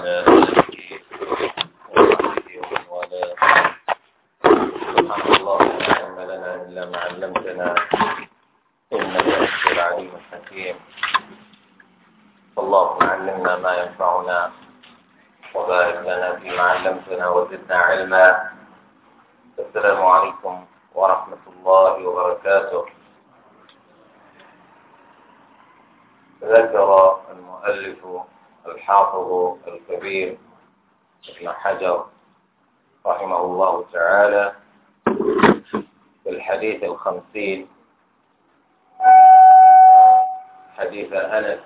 وعلى آله وصحبه ومن والاه سبحان الله لا علم لنا إلا ما علمتنا إنك أنت العليم الحكيم اللهم علمنا ما ينفعنا وبارك لنا فيما علمتنا وزدنا علما السلام عليكم ورحمة الله وبركاته ذكر المؤلف الحافظ الكبير ابن حجر رحمه الله تعالى في الحديث الخمسين حديث أنس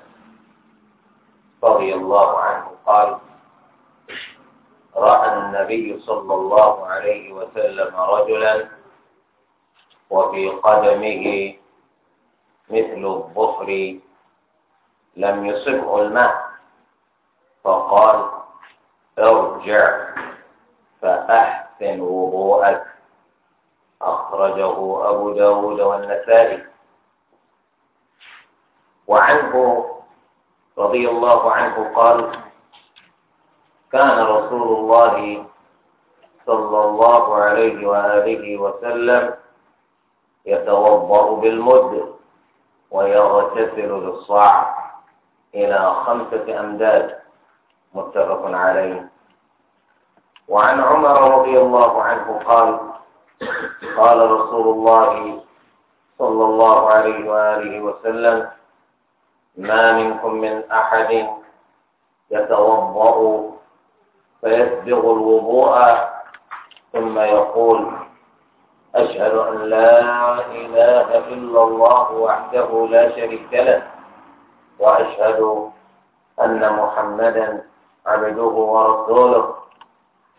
رضي الله عنه قال رأى النبي صلى الله عليه وسلم رجلا وفي قدمه مثل الظفر لم يصبه الماء فقال ارجع فأحسن وضوءك أخرجه أبو داود والنسائي وعنه رضي الله عنه قال كان رسول الله صلى الله عليه وآله وسلم يتوضأ بالمد ويغتسل بالصاع إلى خمسة أمداد متفق عليه وعن عمر رضي الله عنه قال قال رسول الله صلى الله عليه وآله وسلم ما منكم من أحد يتوضأ فيسبغ الوضوء ثم يقول أشهد أن لا إله إلا الله وحده لا شريك له وأشهد أن محمدا عبده ورسوله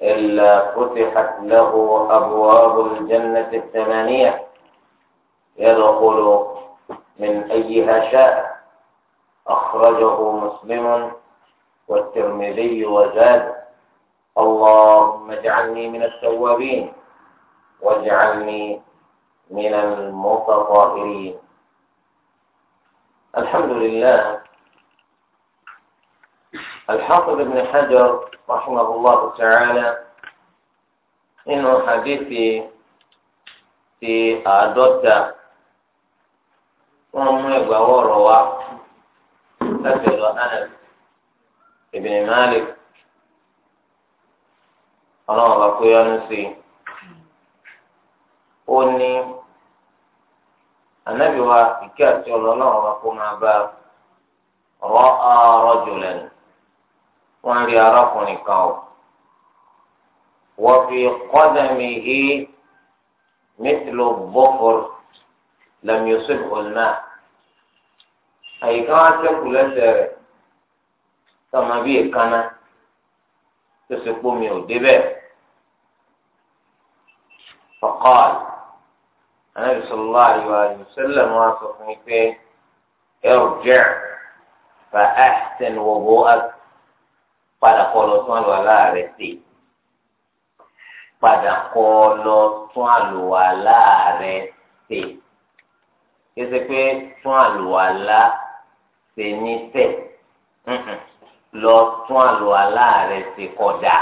إلا فتحت له أبواب الجنة الثمانية يدخل من أيها شاء أخرجه مسلم والترمذي وزاد اللهم اجعلني من التوابين واجعلني من المتطهرين الحمد لله الحافظ ابن حجر رحمه الله تعالى إنه حديثي في أدوتا ومو يقوى تفضل أنا ابن مالك أنا bá kó أني النبي i ó ní anábìwá ìkí àti wọ́n rí arákùnrin kan o wọ́n fi kọ́dàmì hí mẹ́tìló bọ́fọ̀r lẹ́mìọ́sọ̀n ọ̀nà àyíká wọn sẹ́kù lẹ́sẹ̀ rẹ̀ sọ̀mọ́ bíi kanna tó ṣe kó mi ò débẹ̀ fọ́kọ́l anabi sọlá àyùwá àyùsẹ́lẹ̀ wọn sọ fún mi pé ẹ ò jẹ́ fa ahsan wudu'ak. padà kọ́ lọ tún àlùwàlá rẹ̀ ṣe padà kọ́ lọ tún àlùwàlá rẹ̀ ṣe kése pé tún àlùwàlá ṣe ní tẹ̀ lọ tún àlùwàlá rẹ̀ ṣe kódà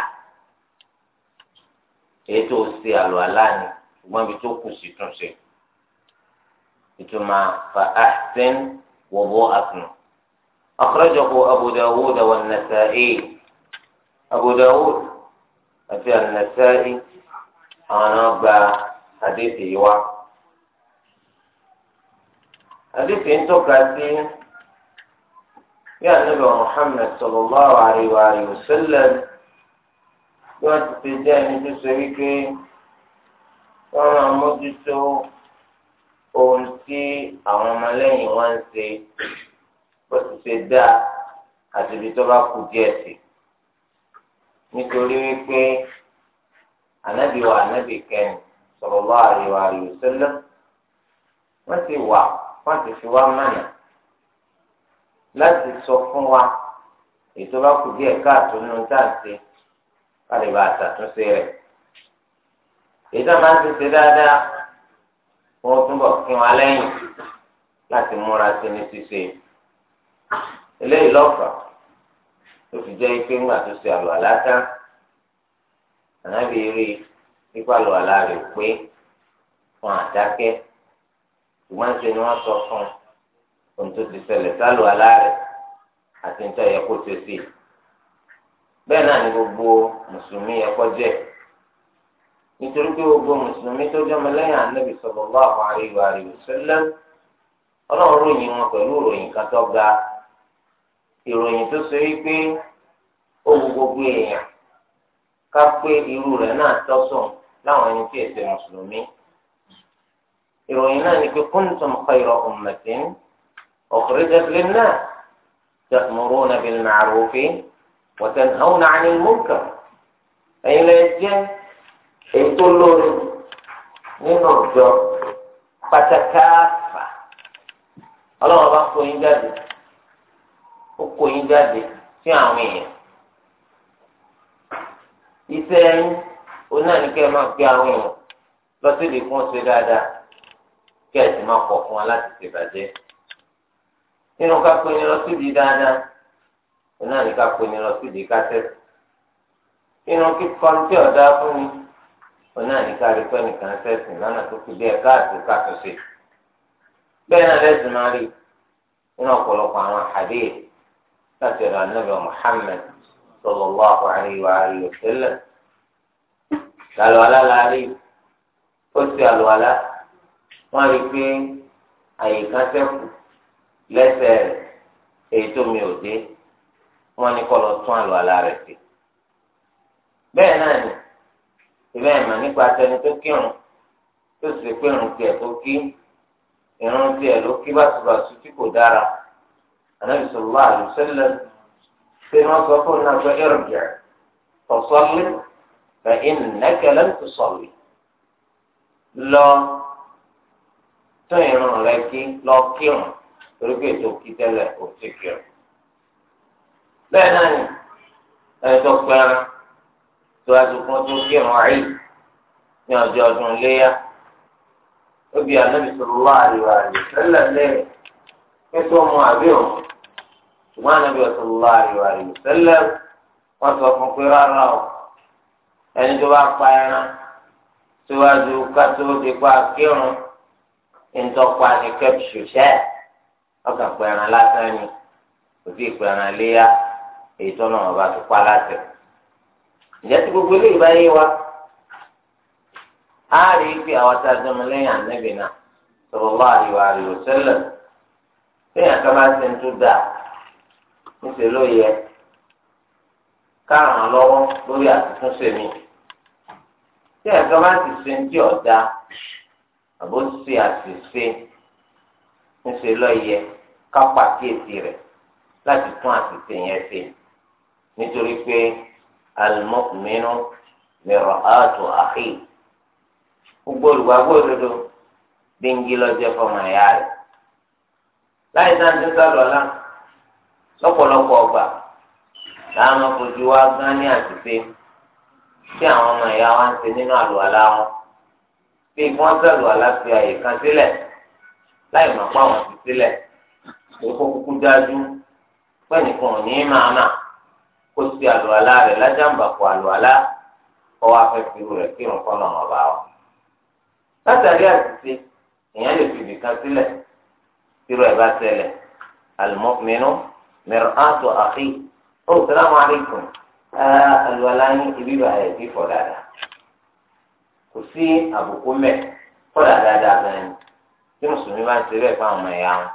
ètò ṣe àlùwàlá ni ṣùgbọ́n ibi tó kù sí tún ṣe ìtumọ̀ fa ahsan wọ́wọ́ àtùnú. أخرجه أبو داود والنسائي Abu Dawud àti An-Nasa'i àwọn náà gba àdéhìí wa. àdéhìí ń tọ́ka sí bí ànábì Muhammad sallallahu alaihi wa sallam bí wọ́n ti ṣe jẹ́ ẹni tó ṣe wípé wọ́n máa mójútó ohun tí àwọn ọmọlẹ́yìn wọn ń ṣe bó ti ṣe dáa àti ibi tó bá kù díẹ̀ sí i nítorí wípé ànábì wa ànábì kẹ́ni sallallahu alaihi wa sallam wọ́n ti wà wọ́n ti fi wá mọ̀nà láti sọ fún wa ètò bá kù díẹ̀ káàtó nínú táǹtì kálíbà àtàtúnṣe rẹ̀ ètò máa ń tètè dáadáa wọ́n túbọ̀ fún wa lẹ́yìn láti múra sí ní ṣíṣe eléyìí lọ́fàá tó fi jẹ́ pé ńgbà tó ṣe àlọ́ àlátá ànábì rí ipa lọ àlá rẹ̀ pé fún àdákẹ́ ṣùgbọ́n ṣe ni wọ́n sọ fún ohun tó ti ṣẹlẹ̀ sálọ àlá rẹ̀ àti níta yẹ kó ṣe sí i bẹ́ẹ̀ náà ni gbogbo mùsùlùmí yẹ kó jẹ́ nítorí pé gbogbo mùsùlùmí tó jẹ́ ọmọlẹ́yìn ànábì sallallahu alaihi wa sallam ọlọ́run ròyìn wọn pẹ̀lú ìròyìn kan tó ga ìròyìn tó so yìí pé ó wu gbogbo èèyàn ká pé irú rẹ̀ náà tọ́sùn láwọn ẹni tí èsè mùsùlùmí ìròyìn náà ni pé kuntum khayra ummatin ukhrijat lin-nas ta'muruna bil-ma'rufi wa tanhawna 'anil munkar ẹ̀yin lè jẹ́ èyí lórí nínú ọjọ́ pátákáfà ọlọ́run bá fún jáde. ó kó yín jáde sí àwọn èèyàn iṣẹ́ yín onáníkẹ́ máa gbé àwọn èèyàn lọ sí ibi fún ṣe dáadáa kí ẹ sì máa fún wa láti nínú ká pé ní lọ sí ibi dáadáa onáníkà pé ní lọ sí ibi nínú tí ọ̀dá fún mi rí sẹ́sìn lọ́nà tó fi bí láti ra nàbẹ Muhammad sallallahu alaihi wa alihi wa sallam làlùwàlá láàrin ó sì àlùwàlá wọn rí i pé àyíká sẹ́kù lẹ́sẹ̀ rẹ̀ èyí tó mi ò dé wọn ní kọ́ lọ tún àlùwàlá rẹ̀ sí. bẹ́ẹ̀ náà ni ìbẹ́ ẹ̀mọ̀ nípa tẹni tó kírun tó sì pé irun tiẹ̀ tó kí irun tiẹ̀ ló kí bàtúbàtú tí kò dára. النبي صلى الله عليه وسلم في موقفه انه ارجع فصل فانك لن تصلي لا تيرن لك لا كيرن تركي توكي تلا او تكير بيناني اي توكبر توازو كون توكي معي ní ọjọ́ ọdún léyà ó bi ànábì sallallahu alaihi wa sallam lẹ́yìn pé tó mú àbí òun ṣùgbọ́n ànábì sallallahu alaihi wa sallam wọ́n sọ fún pé rárá o ẹni tó bá pa ẹran síwájú kátó ti pa kírun ìtọ́pa ni kẹ́pṣù ṣẹ́ ọkàn pa ẹran lásán ni kò sí ẹran léyà èyí tó náà bá ti pa láti. ìjẹ́ tí gbogbo yé wa àwọn tá a lẹ́yìn ànábì náà níṣẹ́ ló yẹ káràn lọ́wọ́ lórí àtúntúnṣe mi tí ẹ̀ka bá ti ṣe ń tí ọ̀dà àbó ṣe àṣìṣe níṣẹ́ ló yẹ ká pàkíyèsí rẹ̀ láti tún àṣìṣe yẹn ṣe nítorí pé alimọ́kùnmínú mìíràn ààtò àhí gbogbo olùgbàgbọ́ òdodo gbẹ̀ngì lọ́jọ́ fọmọ ẹ̀yà rẹ̀ láì sáà ń tẹ́sán lọ́la lọ́pọ̀lọpọ̀ ọgbà làwọn fojú wa gán ní àtúnṣe tí àwọn ọmọ ìyá wa ń ṣe nínú àlùwàlá wọn bí wọ́n sàlùwàlá fi àyè kan sílẹ̀ láì mọ̀ pé àwọn ti sílẹ̀ èkó kúkú dájú pẹ́ẹ́nìkan ò ní máa mà kó sí àlùwàlá rẹ̀ lájàmbàpọ̀ àlùwàlá kọ́ wa fẹ́ fi rẹ̀ kírun kọ́nà ọ̀bà wa. látàrí àtúnṣe èèyàn lè fi ibìkan sílẹ̀ tí irú bá ṣẹlẹ̀ àlùmọ́kùnrin náà. mẹrànátò àfi ó oh, sàlámù alaykum alùwàláyìn ah, ibi báyìí eh, ti fọ̀ dáadáa kò sí àbùkù mẹ́ fọ̀ dáadáa gan-an tí mùsùlùmí bá ń ṣe bẹ́ẹ̀ fáwọn ọmọ ẹ̀yà wọn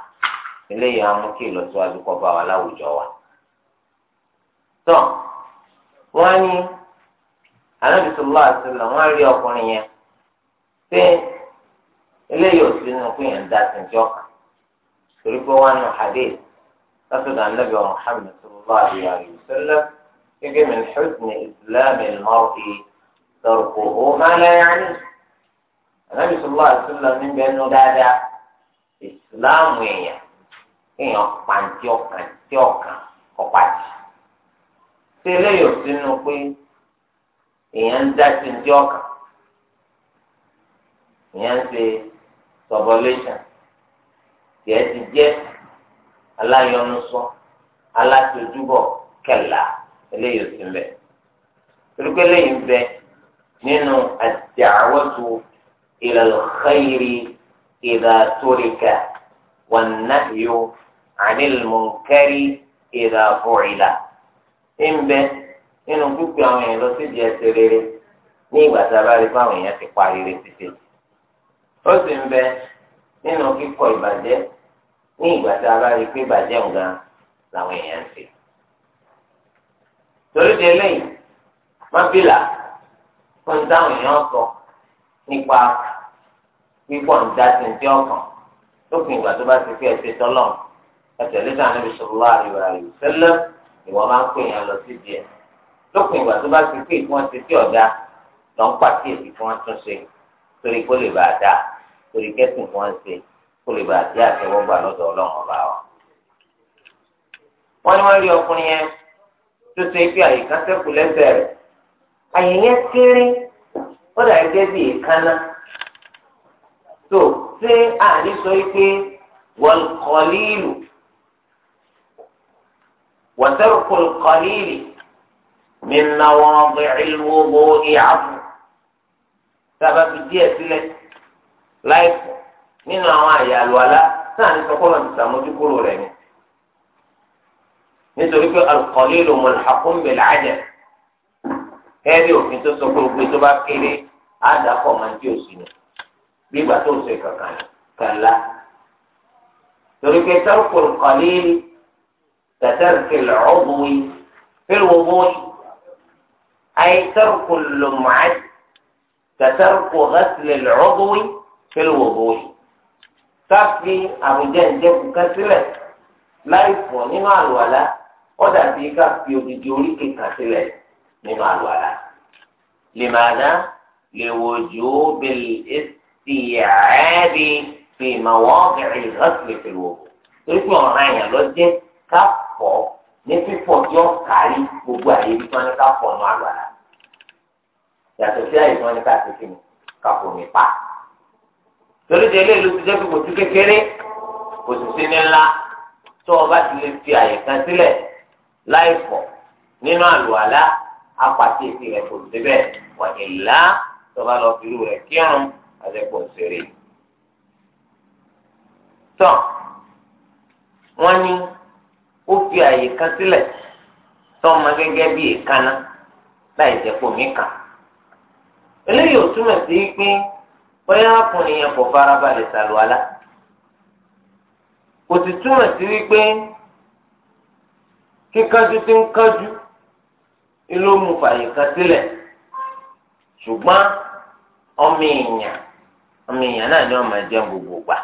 eléyìí á mú wa láwùjọ wa. tó wọ́n ní sallallahu alaihi wasallam wọ́n rí ọkùnrin yẹn pé eléyìí ò sí nínú أخذ عن النبي محمد صلى الله عليه وسلم يجي من حسن إسلام المرء تركه ما لا يعني النبي صلى الله عليه وسلم من بأنه دادا إسلام ويا إيه أقبانتي أقبانتي أقبانتي ṣe eléyìí sínú pé èèyàn ń dá sí ní ọkàn èèyàn ń ṣe aláyọnusọ alásojúbọ kẹlà eléyìí òsì ń bẹ torípé eléyìí ń bẹ nínú ad-da'watu ila al-khayri idha turika wan-nahyu 'anil munkari idha fu'ila ń bẹ nínú pípé àwọn èèyàn lọ sí ìdí ẹsẹ̀ rere ní ìgbà tá a bá rí pé àwọn èèyàn ti parí rẹ títí ó sì ń bẹ nínú kíkọ̀ ìbàjẹ́ ní ìgbà tá a bá rí pé bàjẹ́ òun gan làwọn èèyàn ń ṣe. torí de lẹ́yìn mábìlà ó ń dáhùn èèyàn sọ nípa pípọ̀ ń dá sí ti ọkàn lópin ìgbà tó bá ti fi ẹsẹ̀ tọ́lọ̀ ẹsẹ̀ lẹ́sẹ̀ ànábi sọ̀rọ̀ àríwá àríwá sẹ́lẹ̀ ìwọ máa ń pè yẹn lọ sí díẹ̀ lópin ìgbà tó bá ti fi ìfún ọtí sí ọ̀dà lọ́n pàṣẹ ìfún ọtún ṣe torí kó lè bàa dáa torí kẹ́sìn fún ọ kó lè bàa jẹ́ àtẹwọ́gbà lọ́dọ̀ ọlọ́run ọba wa. wọ́n ní wọ́n rí ọkùnrin yẹn tó ṣe pé àyè kan sẹ́kù lẹ́sẹ̀ àyè yẹn kéré ó dà gẹ́gẹ́ bí èékánná. tó ṣé àní sọ pé wọ́n nínú àwọn àyè àlùwàlá náà ní sọkọ́ náà ti sàmójúkúrò rẹ̀ ni. nítorí pé al-qalilu mulhaqun bil-'adad kẹ́ẹ́bí òfin tó sọ pé gbogbo tó bá kéré àdàpọ̀ máa ń tí òsì ni bí tó sọ ìkàkàn kàlá. torí pé tarkul qalil tatarkil 'udwi fil wudu' ay tarkul lum'ah tatarku ghaslil 'udwi fil káfí àbújá ìjẹkù kan sílẹ̀ láì pọ̀ nínú àlùwàlá ó dàbí káfí òdìdí oríkè kan sílẹ̀ nínú àlùwàlá lèmàdá lèwòjú bẹ̀lẹ̀ ìsìyàrẹ́bí fi ìmọ̀wọ́ kẹrin ìrọ́sìlẹ̀ pẹ̀lú torí pé ọ̀ràn àyàn lọ jẹ́ káfọ́ ní fífọ̀ tí ó kárí gbogbo àyè ibi wọ́n ní káfọ́ nù àlùwàlá yàtọ̀ sí àyè tí wọ́n ní káfí fún mi káfọ́ mi pa torí de ilé ìlú ti jẹ́ kó ti kékeré kò sì sí ní ńlá tó o bá ti lè fi àyè kan sílẹ̀ láì fọ̀ nínú àlùwàlá apàtì èsì rẹ̀ kò sí bẹ́ẹ̀ wà ìlà tó bá lọ fìlú rẹ̀ kírun àjẹpọ̀ sèré. tọ́ wọ́n ní ó fi àyè kan sílẹ̀ tọ́mọ gẹ́gẹ́ bí èékánná láì jẹ́ pòmí kan. eléyìí ò túmọ̀ sí pé bóyá ọkùnrin yẹn kò farabalẹ̀ sàlùwàlá kò sì túmọ̀ sí wípé kíkanjú tí ń kanjú ló mú fàyè kan sílẹ̀ ṣùgbọ́n ọmọ èèyàn ọmọ èèyàn náà ni wọ́n máa jẹun gbogbo gbà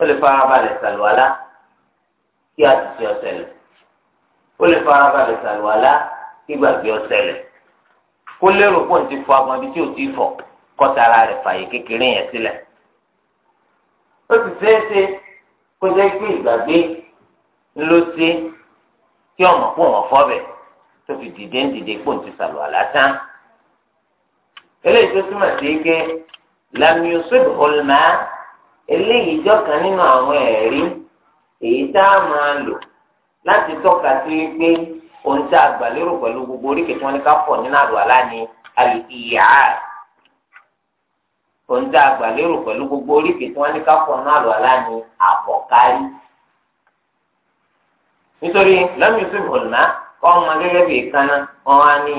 ó lè farabalẹ̀ sàlùwàlá kí àtúnṣe ọ̀sẹ̀ lẹ̀ ó lè farabalẹ̀ sàlùwàlá kí gbàgbé ọ̀sẹ̀ lẹ̀ kó lérò pọ̀ ní ti fọ agbọ̀n ibi tí ò ti fọ̀ kọ́tara rẹ̀ fàyè kékeré yẹn sílẹ̀. ó ti ṣeé ṣe kó jẹ́ pé ìgbàgbé ló ṣe kí ọmọ kó wọn fọ́bẹ̀ tó fi dìde ń dìde kó n ti sàlù àlásán. eléyìí tó túmọ̀ sí pé lamiusud olùmọ̀ eléyìí jọ́kan nínú àwọn ẹ̀rí èyí tá a máa lò láti tọ́ka sí pé ohun tí a gbà lérò pẹ̀lú gbogbo oríkèé tí wọ́n ní ká pọ̀ nínú àlọ́ àlá ni alìyá kò ń dá àgbàlérò pẹ̀lú gbogbo oríkèé tí wọ́n ní káfọ́ náà lọ aláàánú àbọ̀kárí. nítorí lẹ́mìí sí ìhòòlá kọ́ ọmọ gẹ́gẹ́ bíi kaná wọn á ní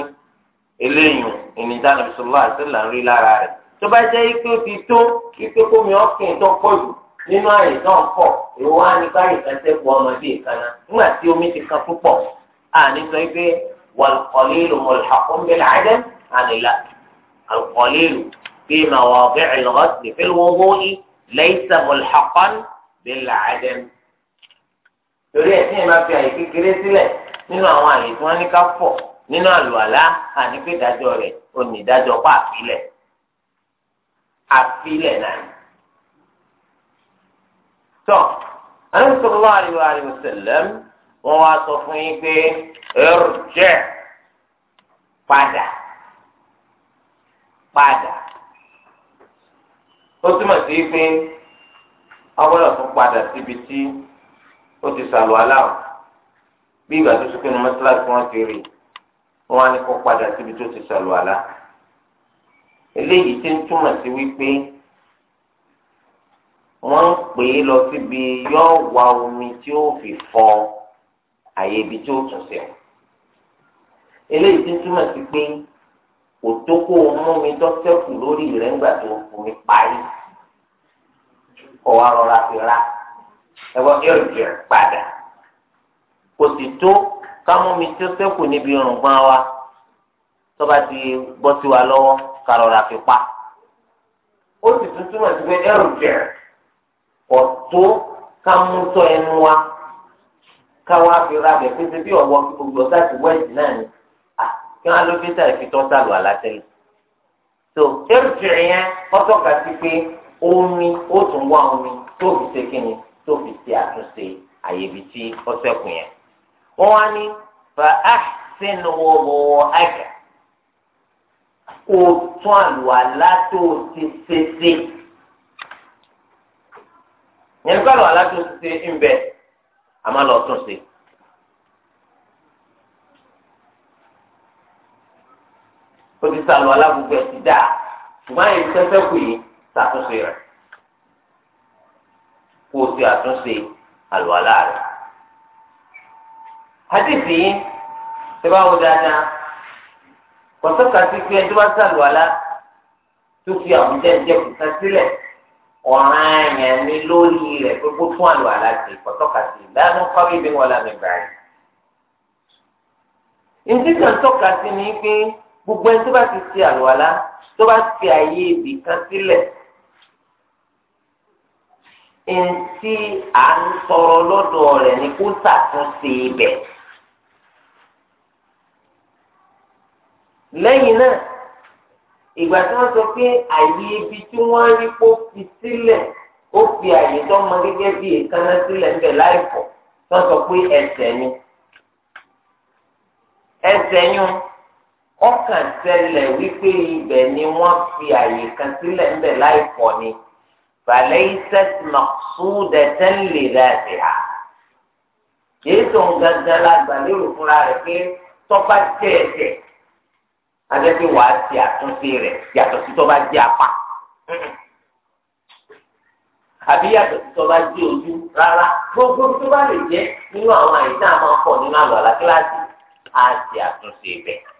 eléyìn ìnìjà nàbí sọlá àtìlà ń rí lára rẹ̀ tó bá jẹ́ ike ti tó ike kómi ọ̀kìn tó pọ̀ jù nínú àìsàn pọ̀ èwo á ní káyọ̀ kan sẹ́kù ọmọdé kaná nígbà tí omi ti kan púpọ̀ à ní sọ pé wàlùkọ́lé lòmọ̀lù في مواضع الغسل في الوضوء ليس ملحقا بالعدم torí ẹ tí ẹ máa fi àyè kékeré sílẹ̀ nínú àwọn àyè tí wọn ní ká fọ̀ nínú àlùwàlá àní pé ìdájọ́ rẹ̀ òní ìdájọ́ pa àfilẹ àfilẹ náà tọ àwọn sọlọ àríwá àríwá sẹlẹm wọn wá sọ fún yín pé ẹrù jẹ padà padà ó túmọ̀ sí pé ọgbọ́dọ̀ tún padà síbi tí ó ti sàlù aláwọ̀ bí ìgbà tó sókè ní mọ́tíláṣí wọn ti rí wọn á ní kó padà síbi tó ti sàlù alá eléyìí ti ń túmọ̀ sí wípé wọ́n ń pè é lọ síbi yóò wá omi tí ó fi fọ àyè ibi tí ó tún sí eléyìí ti ń túmọ̀ sí pé kò tó kó o mú mi dọ́kẹ́kù lórí rẹ̀ ńgbà tó fún mi parí kọ́ wa rọra fi ra ẹ̀wọ́n ẹ̀rùjẹ̀ padà kò sì tó ká mú mi dọ́kẹ́kù níbi irùngbọ́n wa tó bá ti bọ́ sí wa lọ́wọ́ ká rọra fi pa ó sì tún túmọ̀ sí pé ẹ̀rùjẹ̀ kò tó ká mú tọ́ ẹnu wa ká wá fi ra bẹ̀ pé ṣe bí ọ̀wọ́ gbogbo sáà wẹ́ẹ̀dì náà ni kí wọn á ló fi sáà fi tọ́ sálù àlátẹ́lẹ̀ tó ẹrùtì yẹn ọtọ́ ka sí pé omi ó tún wá omi tó fi ṣe kíni tó fi ṣe àtúnṣe àyèbí tí ọ̀sẹ̀kùn yẹn wọn wá ní fa ahsinu wudu'aka kó tún àlùwàlá tó ti ṣe ṣe yẹn kó àlùwàlá tó ti ṣe ń bẹ àmọ́ lọ tún ṣe. ó ti sàlù alágbègbè ẹ̀ ti dáa ṣùgbọ́n àyè sẹ́sẹ́ kù yìí ṣàtúnṣe rẹ̀ kó o ti àtúnṣe àlùwàlá rẹ̀. àdìsí yìí ṣe bá wo dáadáa kọ̀sọ́kà sí pé ẹjọ́ bá ṣàlùwàlá tó fi àwùjẹ ìjẹkù kan sílẹ̀ ọ̀ràn àyàn ni lórí rẹ̀ pé kó tún àlùwàlá ṣe kọ̀sọ́kà sí lánàá kọ́rí bí wọ́n lámì báyìí. ìdí kan sí ni pé gbogbo ẹni tó bá ti ṣe àlùwàlá tó bá ṣe àyè ibì kan sílẹ̀ ntí à ń sọ̀rọ̀ lọ́dọ̀ rẹ̀ ni kó ṣàtúnṣe ibẹ̀. lẹ́yìn náà ìgbà tí wọ́n sọ pé àyè ibi tí wọ́n rí kó fi sílẹ̀ ó fi àyè tó mọ gẹ́gẹ́ bí èékánná sílẹ̀ ńbẹ̀ láì fọ̀ tó sọ pé ẹsẹ̀ ni ẹsẹ̀ yún ọkàn tẹ́lẹ̀ wípé ibẹ̀ ni wọ́n fi àyè kan sílẹ̀ ńbẹ̀ láìpọ̀ ni falaysat maqsudatan li dhatiha èyí tó ń gangan la gbà lérò fúnra rẹ̀ pé tọ́ba jẹ́ ẹ̀jẹ̀ adẹ́pẹ́ wàá ti àtúnṣe rẹ̀ yàtọ̀ sí tọ́ba jẹ́ apá àbí yàtọ̀ sí tọ́ba jẹ́ ojú rárá gbogbo tó bá lè jẹ́ nínú àwọn àyíká máa ń pọ̀ nínú àlọ́ àlá kíláàsì á ti àtúnṣe bẹ́ẹ̀.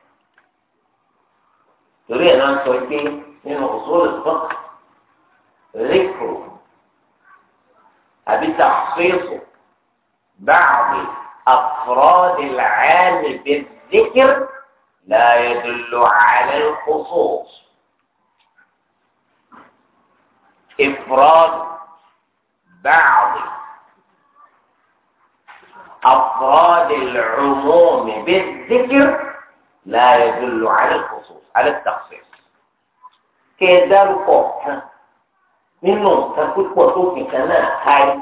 تري أن سويتين من اصول الفقه ذكر ابي تخصيص بعض افراد العام بالذكر لا يدل على الخصوص افراد بعض افراد العموم بالذكر لا يدل على الخصوص alẹ́ tàfẹ́ kẹ́ ẹ dárúkọ kan nínú nǹkan púpọ̀ tó fi kan náà káyé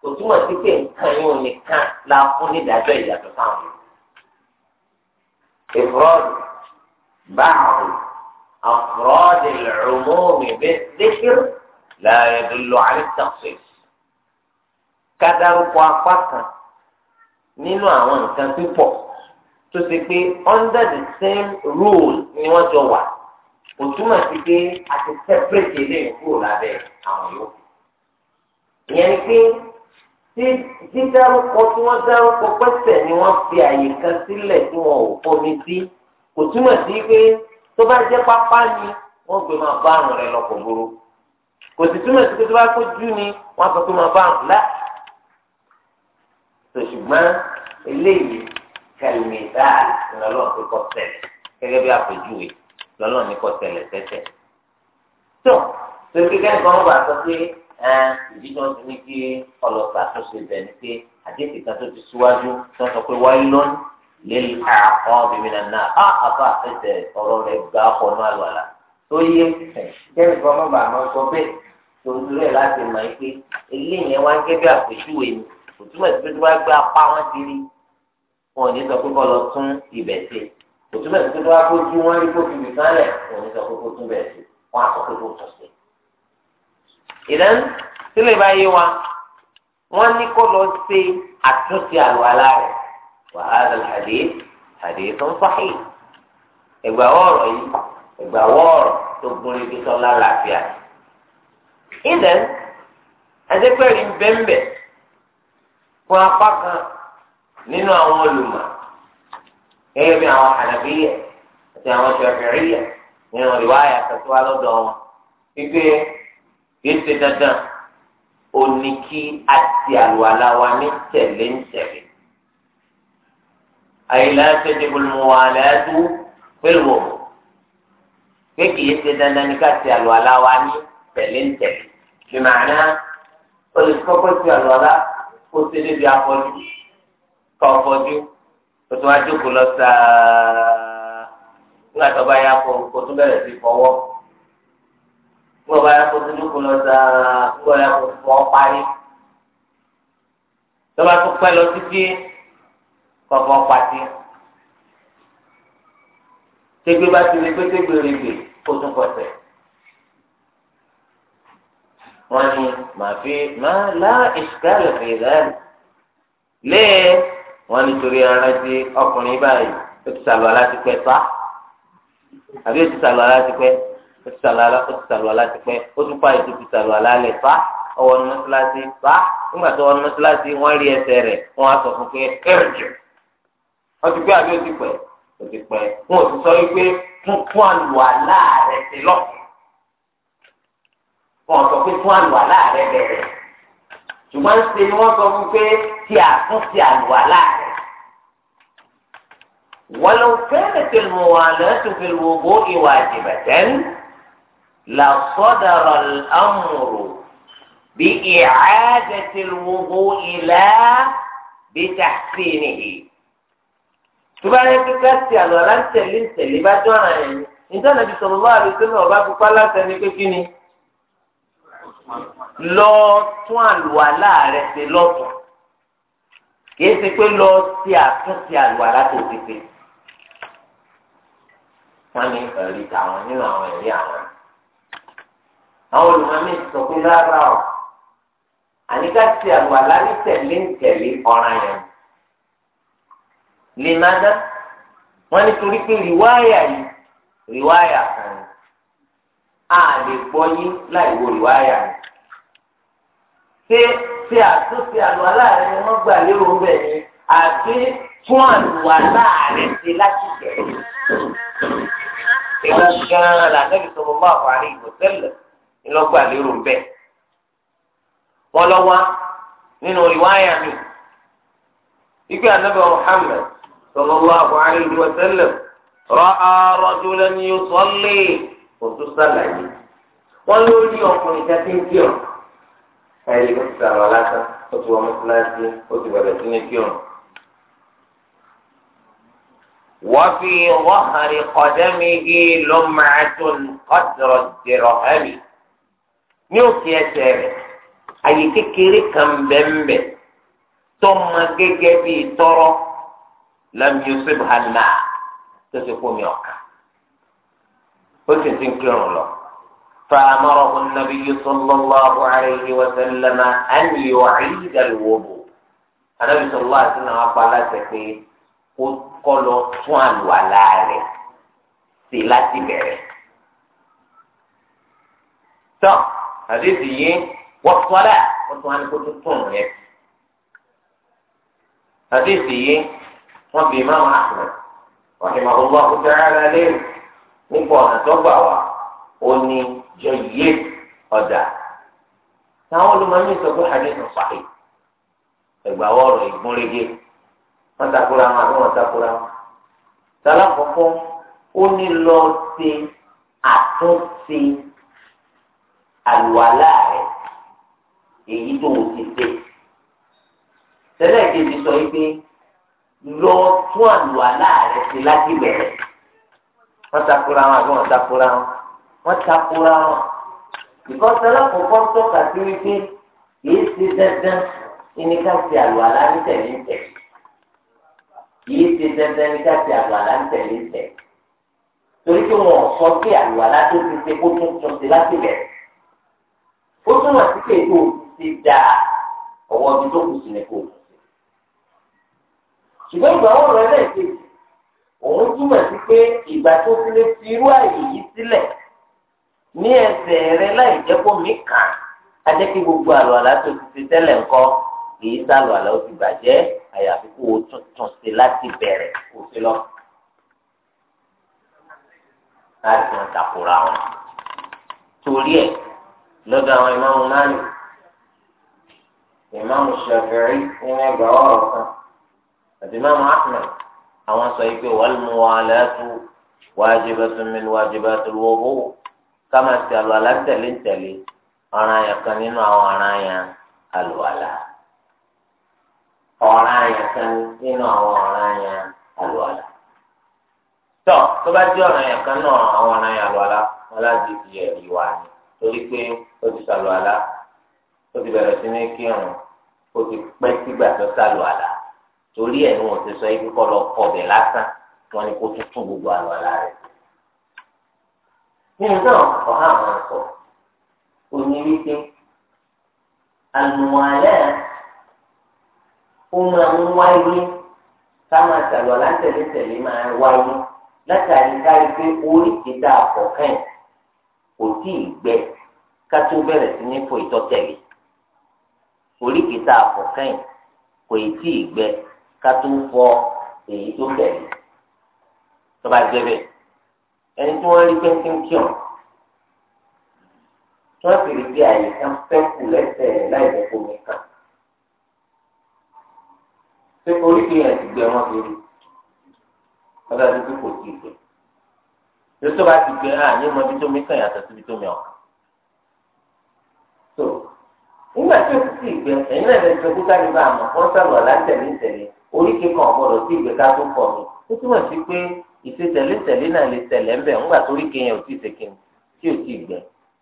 kò túmọ̀ sí pé nǹkan yóò nìkan la fún nídàájọ́ ìyàtọ̀ sáwọn ìfúrọ́ọ̀dù báàbù أفراد العموم بالذكر لا يدل على التخصيص كذا رقوا فاكا nínú àwọn nǹkan púpọ̀ tó ṣe pé under the same rule ni wọ́n jọ wà kò túmọ̀ sí pé a ti separate eléyìí kúrò lábẹ́ àwọn yòókù. ìyẹn ni pé dídárúkọ tí wọ́n dárúkọ pẹ́sẹ̀ ni wọ́n fi àyè kan sílẹ̀ tí wọn ò fomi sí kò túmọ̀ sí pé tó bá jẹ́ pápá ni wọ́n gbé máa bá àrùn rẹ lọ kò burú kò sì túmọ̀ sí pé tó bá kó jú ni wọ́n sọ pé máa bá àrùn lá. ṣùgbọ́n eléyìí kẹlẹmìdá lọlọ ní kọ tẹ́lẹ̀ gẹ́gẹ́ bí àpèjúwe lọlọ ní kọ tẹ́lẹ̀ tẹ́tẹ́ tó torí kẹ́kẹ́ nǹkan wọn bá sọ pé ìdíjọ́ ti ní kí ọlọ́pàá tó ṣe bẹ̀ ni pé àdéhùn kan tó ti síwájú tó sọ pé wáyé lọ́nù lẹ́yìn àkọ́ bìbìnà náà á àbá àtẹ̀tẹ̀ ọ̀rọ̀ rẹ̀ gbà pọ̀ ní àlọ́lá tó yé kẹ́kẹ́ nǹkan máa sọ bẹ́ẹ̀ tòǹtòrò ẹ̀ láti mọ̀ pé eléyìí wá gẹ́gẹ́ àpèjúwe ni òtúmọ̀ sí wọn ò ní sọ pé kọ́ lọ tún ibẹ̀ ṣe òtún bẹ̀rẹ̀ tó wá kójú wọn rí kó fi mi sálẹ̀ wọn ò ní sọ pé kó tún bẹ̀rẹ̀ ṣe wọn á sọ pé kó tún ṣe. ìdán sílẹ̀ bá yé wa wọ́n ní kó lọ ṣe àtúnṣe àlùwalá rẹ̀ wàhálà àdé àdé tó ń fàáyé ẹgbàwọ́ ọ̀rọ̀ yìí ẹgbàwọ́ ọ̀rọ̀ tó gúnlẹ̀ bí sọ́lá làáfíà. ìdán àdépẹ́rì ń bẹ́ńbẹ̀ fún apá kan nínú àwọn olùmọ̀ gẹ́gẹ́ bí àwọn hànàbíyà àti àwọn ṣàfíìyà nínú ìwáyà àtàtúwà lọ́dọ̀ wọn wípé kìí ṣe dandan ó ní kí a ti àlùwàlá wa ní tẹ̀lé ń tẹ̀lé. àyìnlá ṣẹ́jẹ́ bolomọ́ àlàyé pẹ̀lú wọ̀ pé kìí ṣe dandan ní ká ti àlùwàlá wa ní tẹ̀lé ń tẹ̀lé. bí màánà olùkọ́kọ́ ti àlùwàlá kó ṣe débi afọ́jú kọ́ fọjú o tún wá jókòó lọ sáà nígbà tó bá yá kó o tún bẹ̀rẹ̀ sí fọwọ́ nígbà tó bá yá kó o tún jókòó lọ sáà nígbà tó yá kó o fọ́ parí tó bá tún pẹ́ lọ títí kọ́ fọ́ pàtí tẹgbẹ bá ti lè pété gbèrègbè kó tún kọsẹ̀ wọn ni màá fi máa lá ìṣúkàlù fèrè lẹ́ẹ̀ wọn nítorí arántí ọkùnrin báyìí ó ti sàlù aláti pẹ fa àbí ó ti sàlù aláti pẹ ó ti sàlù aláti pẹ ó tún pààyè tó ti sàlù alálẹ fa ọwọ́ ní mọ́sálásí fa nígbà tó wọ́n ní mọ́sálásí wọ́n rí ẹsẹ̀ rẹ̀ wọ́n á sọ fún pé ẹ̀rẹ̀jù wọ́n ti pẹ́ àbí ó ti pẹ́ ó ti pẹ́ wọn ò ti sọ wípé fún àlù àlá rẹ̀ ti lọ wọn sọ pé fún àlù àlá rẹ̀ ṣùgbọ́n ṣe ni wọ́n sọ fún pé ti àlù àlá rẹ̀. ولو كانت الموالاة في الوضوء واجبة لصدر الأمر بإعادة الوضوء لا بتحسينه تبارك كاسي على لن تلين تلي بجونا يعني إنت النبي صلى الله عليه وسلم وبابك فلا تنكي كيني lọ tún àlùwàlá rẹ ṣe lọ́tọ̀ kìí ṣe pé lọ ṣe àtúnṣe àlùwàlá wọn ní ẹ̀rí tàwọn nínú àwọn ẹ̀rí àwọn. àwọn olùmọ̀mí sọ pé rárá o àníká ti àwọn aláàbí tẹ̀lé ń tẹ̀lé ọ̀ràn yẹn. lè má dá wọn nítorí pé rìwáyà yìí rìwáyà kan ni a lè gbọ́ yín láì wo rìwáyà yìí. ṣé ṣé àtúnṣe àlọ́ aláàárín ni wọ́n gbà lérò bẹ́ẹ̀ ni àti fún àlùwà láàárín ti láti tẹ̀lé ìwọ gan-an là nẹ́bí sọ̀rọ̀ máa wà ní ìwòsẹ́lẹ̀ ìlọ́gbà lérò bẹ́ẹ̀. wọ́n lọ wá nínú ìwáyà mi ìgbé anábẹ́ Muhammad sọ̀rọ̀ máa wà ní ìwòsẹ́lẹ̀ ra'a rajulan yusalli kò tún sàlàyé. wọ́n ló rí ọkùnrin jáde ń kírun. ẹ̀yìn ló ti sàrọ̀ lásán ó ti wọ́n mọ́tíláṣí ó ti bẹ̀rẹ̀ sí ní kírun. وفي ظهر قدمه لمعة قدر الدرهم نوك يا سامي أي تكري كم ذنب ثم كجبي ترى لم يصبها الماء تسكون يوكا قلت تنكرون له فأمره النبي صلى الله عليه وسلم أن يعيد الوضوء النبي صلى الله عليه وسلم قال لا تكريه kó kọ́ lọ tún àlùwàlá rẹ̀ sí láti bẹ̀rẹ̀. tán àdéhùn yìí wọ́n tún ọ́dà wọ́n tún wọn kó tún tún rẹ̀. àdéhùn yìí wọ́n bí máa wọn àpò wàhíìmọ̀ gbogbo àkójọ ara lẹ́yìn nípa ọ̀nà tó gbà wá ó ní jọ yé ọ̀dà táwọn olùmọ̀mí sọ pé hadith sahih ẹgbàá ọ̀rọ̀ ìgúnrégé wọn takora wọn àbí wọn takora wọn sálá kọkọ ó ní lọ ṣe àtúnṣe àlùwàlá rẹ èyí tó o ti ṣe tẹ́lẹ̀ kejì sọ yìí pé lọ tún àlùwàlá rẹ ṣe láti bẹ̀rẹ̀ wọn takora wọn àbí wọn takora wọn wọn takora wọn ìkọsẹ alákọọkọ tọ́ka sí wípé kìí ṣe dandan ìníkàsí àlùwàlá ní tẹ̀lé tẹ̀lé kìí ṣe dandan ní káṣí àlùwàlá ń tẹ̀lé tẹ̀. torí pé wọn ò sọ pé àlùwàlá tó ti ṣe kó tún tún ṣe láti bẹ̀. ó túmọ̀ sí pé ètò ti da ọwọ́ ibi tó kù sí ni kò tún ṣe. ṣùgbọ́n ìgbà wọn rẹ lẹ́ẹ̀kejì òun túmọ̀ sí pé ìgbà tó ti lè fi irú àyè yìí sílẹ̀ ní ẹsẹ̀ rẹ láì jẹ́ kó mí kàn á jẹ́ kí gbogbo àlùwàlá tó ti ṣe tẹ́lẹ̀ ńkọ́ kìí sálùwàlá ó ti bàjẹ́ àyàfi kó o tuntun sí láti bẹ̀rẹ̀ kó o sí lọ. láti wọn takora wọn torí ẹ lọ́dọ̀ àwọn ìmáàmù náà ìmáàmù Shafi'i nínú ẹgbà ọ̀rọ̀ kan àti ìmáàmù Ahmad àwọn sọ yìí pé wal muwalatu wajibatun min wajibatil wudu ká máa ti àlùwàlá tẹ̀lé tẹ̀lé ọ̀ràn yẹn kan nínú àwọn ọ̀ràn yẹn àlùwàlá. ọ̀rọ̀ àyàn kan nínú àwọn ọ̀rọ̀ àyàn àlùwàlà. tọ́ tó bá jẹ́ ọ̀rọ̀ kan náà àwọn ọ̀rọ̀ àyàn àlùwàlà wọn láti fi ìwà ni torí pé ó ti sàlùwàlà ó ti bẹ̀rẹ̀ sí ti pẹ́ sígbà tó sàlùwàlà torí ẹ̀ sọ ibi lọ lásán kó tún tún gbogbo àlùwàlà rẹ̀. nínú náà ọ̀hán àwọn òní wípé ó máa ń wáyé ká máa ṣàlọ́ látẹ̀lẹ́tẹ̀lé máa ń wáyé látàrí káyé pé oríṣi dá àkọ́kàn kò tí ì gbẹ ká tó bẹ̀rẹ̀ sí ní fò ìtọ́tẹ̀lé oríṣi dá àkọ́kàn kò tí ì gbẹ ká tó fọ èyí tó tẹ̀lé tó bá jẹ́ bẹ́ẹ̀ ẹni tí wọ́n rí pẹ́ńtín kíọ̀n tí wọ́n sì rí bí àyè kan fẹ́ kù lẹ́sẹ̀ láì lẹ́kọ̀ọ́ mi ṣé oríkì yẹn ti gbẹ wọn lórí ọ̀dà tó kú kò tí ì gbẹ lóṣù bá ti gbẹ àní mọ ibi tó mi kàn yàtọ̀ síbi tó mi ọ̀kan tó nígbà tí o ti ti gbẹ ẹ̀yin náà lè gbẹ kúkà nípa àmọ́ wọ́n sàlù aláǹtẹ̀lẹ́tẹ̀lẹ́ oríkì kan ọ̀gbọ́dọ̀ tí ìgbẹ́ ká tó pọ̀ mi ó túmọ̀ sí pé ìṣètẹ̀lẹ́tẹ̀lẹ́ náà lè tẹ̀lẹ́ ń bẹ̀ ńgbà tó rí kéèyàn ò tí ì ṣèkìn tí ò tí ì gbẹ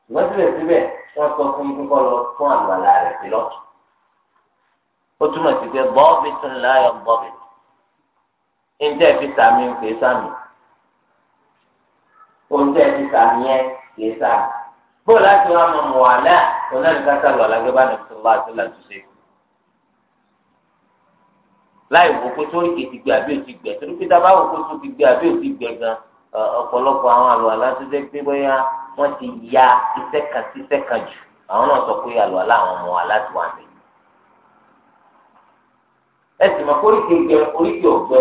ṣùgbọ́n síbẹ̀síbẹ̀ wọ́n sọ fún ikú kọ́ lọ fún àlùwàlá rẹ̀ sí lọ́tún ó túmọ̀ sí pé bọ́ọ̀bì tún láyọ̀ bọ́ọ̀bì ǹjẹ́ ẹ fi sàmì ń pè sàmì oúnjẹ ẹ fi sàmì ẹ pè sàmì bóòlù láti wá mọ̀ mọ̀ wà náà òun náà nìkan sàlọ̀ alágbé bá nàìjíríà tó bá tó láti ṣe láì wò pé sórí kìí ti gbé àbí òtí gbẹ torí pé dábàá pé sórí ti gbé àbí òtí gbẹ gan ọ̀pọ̀lọpọ̀ àwọn àlọ́ aláṣẹ́jẹ́ pé bóyá wọ́n ti ya iṣẹ́ kan sí iṣẹ́ kan jù àwọn náà sọ pé àlọ́ aláwọn ọmọ wa láti wà ní ẹsìn mọ oríkì gbẹ oríkì ọgbẹ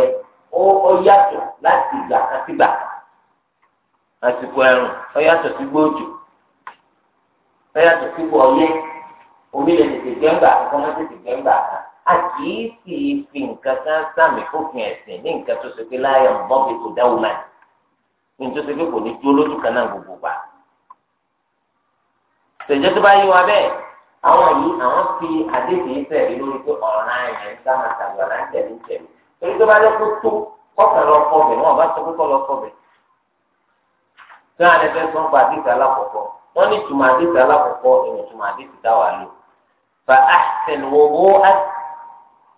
ó yàtọ̀ láti ìgbà kan sígbà àsìkò ẹ̀rùn ó yàtọ̀ sí gbòòjò ó yàtọ̀ sí gbòòyẹ omi lè tètè gbẹngbà kan má tètè gbẹngbà kan a kì í sì fi nǹkan kan sàmì fòfin ẹ̀sìn ní nǹkan tó ṣe pé láyọ̀ ń bọ́ bí kò dáwọ́ láì ní tó ṣe pé kò ní dúró lójú kan náà gbogbo gbà. tẹ̀jẹ́ tó bá yí wa bẹ́ẹ̀ àwọn yìí àwọn fi àdéhùn ìfẹ́ rí lórí pé ọ̀ràn ẹ̀yàn ń sáà tàbí ọ̀ràn tẹ̀lé ń tẹ̀lé torí tó bá yẹ kó tó kọ́kàn lọ kọ́bẹ̀ wọn bá sọ pé kọ́ lọ kọ́bẹ̀. tí wọn àlẹ́ fẹ́ sọ fún àdéhùn alákọ̀ọ́kọ́ wọn ní tùmọ̀ àdéhùn alákọ̀ọ́kọ́ ìwọ̀n tùmọ̀ àdéhùn táwa lò. fa ahsan owó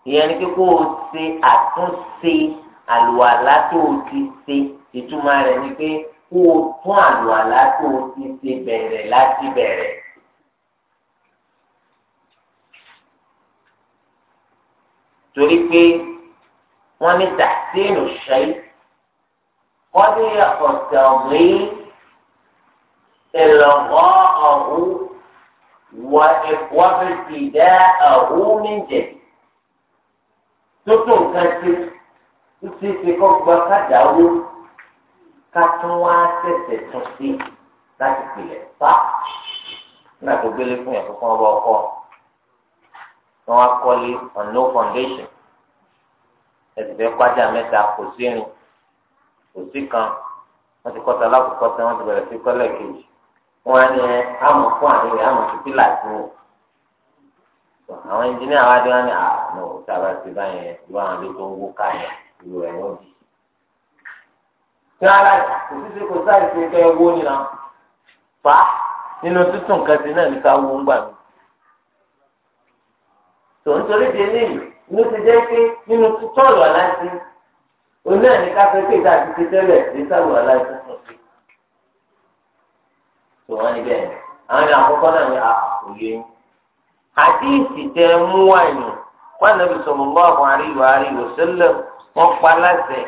ìyẹn ni kíkó o ṣe àtúnṣe àlùwàlá tó o ti ṣe ìtumọ̀ rẹ̀ ni pé kó o tún àlùwàlá tó o ti ṣe bẹ̀rẹ̀ láti bẹ̀rẹ̀. torí pé wọ́n ní tàṣínù ṣẹ́yí wọ́n ní ọ̀sẹ̀wé ìlọ́wọ́ ọ̀hún wọ ìfọ́fẹ́sì dá ọ̀hún níjẹ̀ tó tó nǹkan ti títí ti kọ́ gba kádàáwó ká tún wá tẹ̀sẹ̀ tún sí láti pìlẹ̀ pa nígbà tó gbélé fún yàn kó kọ́ ọkọ wọn wá kọ́lé on no foundation ẹ̀sìfẹ́ kwájà mẹ́ta kò sí irin kò sí kan wọ́n ti kọ́ta alákòókò tán wọ́n ti bẹ̀rẹ̀ sí kọ́lẹ̀ kejì wọ́n á ní àmọ̀ fún àdéhùn àmọ̀ sí pílà sí wọn àwọn ẹnjìníà wa dé wọn ní àná òkúta bá ti bá yẹn ìlú àwọn ilé tó ń wó káyà ìlú rẹ ló di. tí wọn ara kò sí sí kò sáà ìsinmi kẹ́ ẹ wó nínú fa nínú títún nǹkan sí náà ní ká ń gbà mí tòun torí di eléyìí inú ti jẹ́ pé nínú tọ́ọ̀lù aláìsí oní ẹ̀ní káfẹ́ pé ìta àti tẹ́lẹ̀ ní sáàlù aláìsí fún sí. tòun á ní bẹ́ẹ̀ àwọn ẹni àkọ́kọ́ náà ní àkòyé àdíìsì tẹ mú wáyé wọn nàbì sọ̀rọ̀ lọ́ọ̀bù àríwá àríwá sẹ́lẹ̀ wọn pa láṣẹ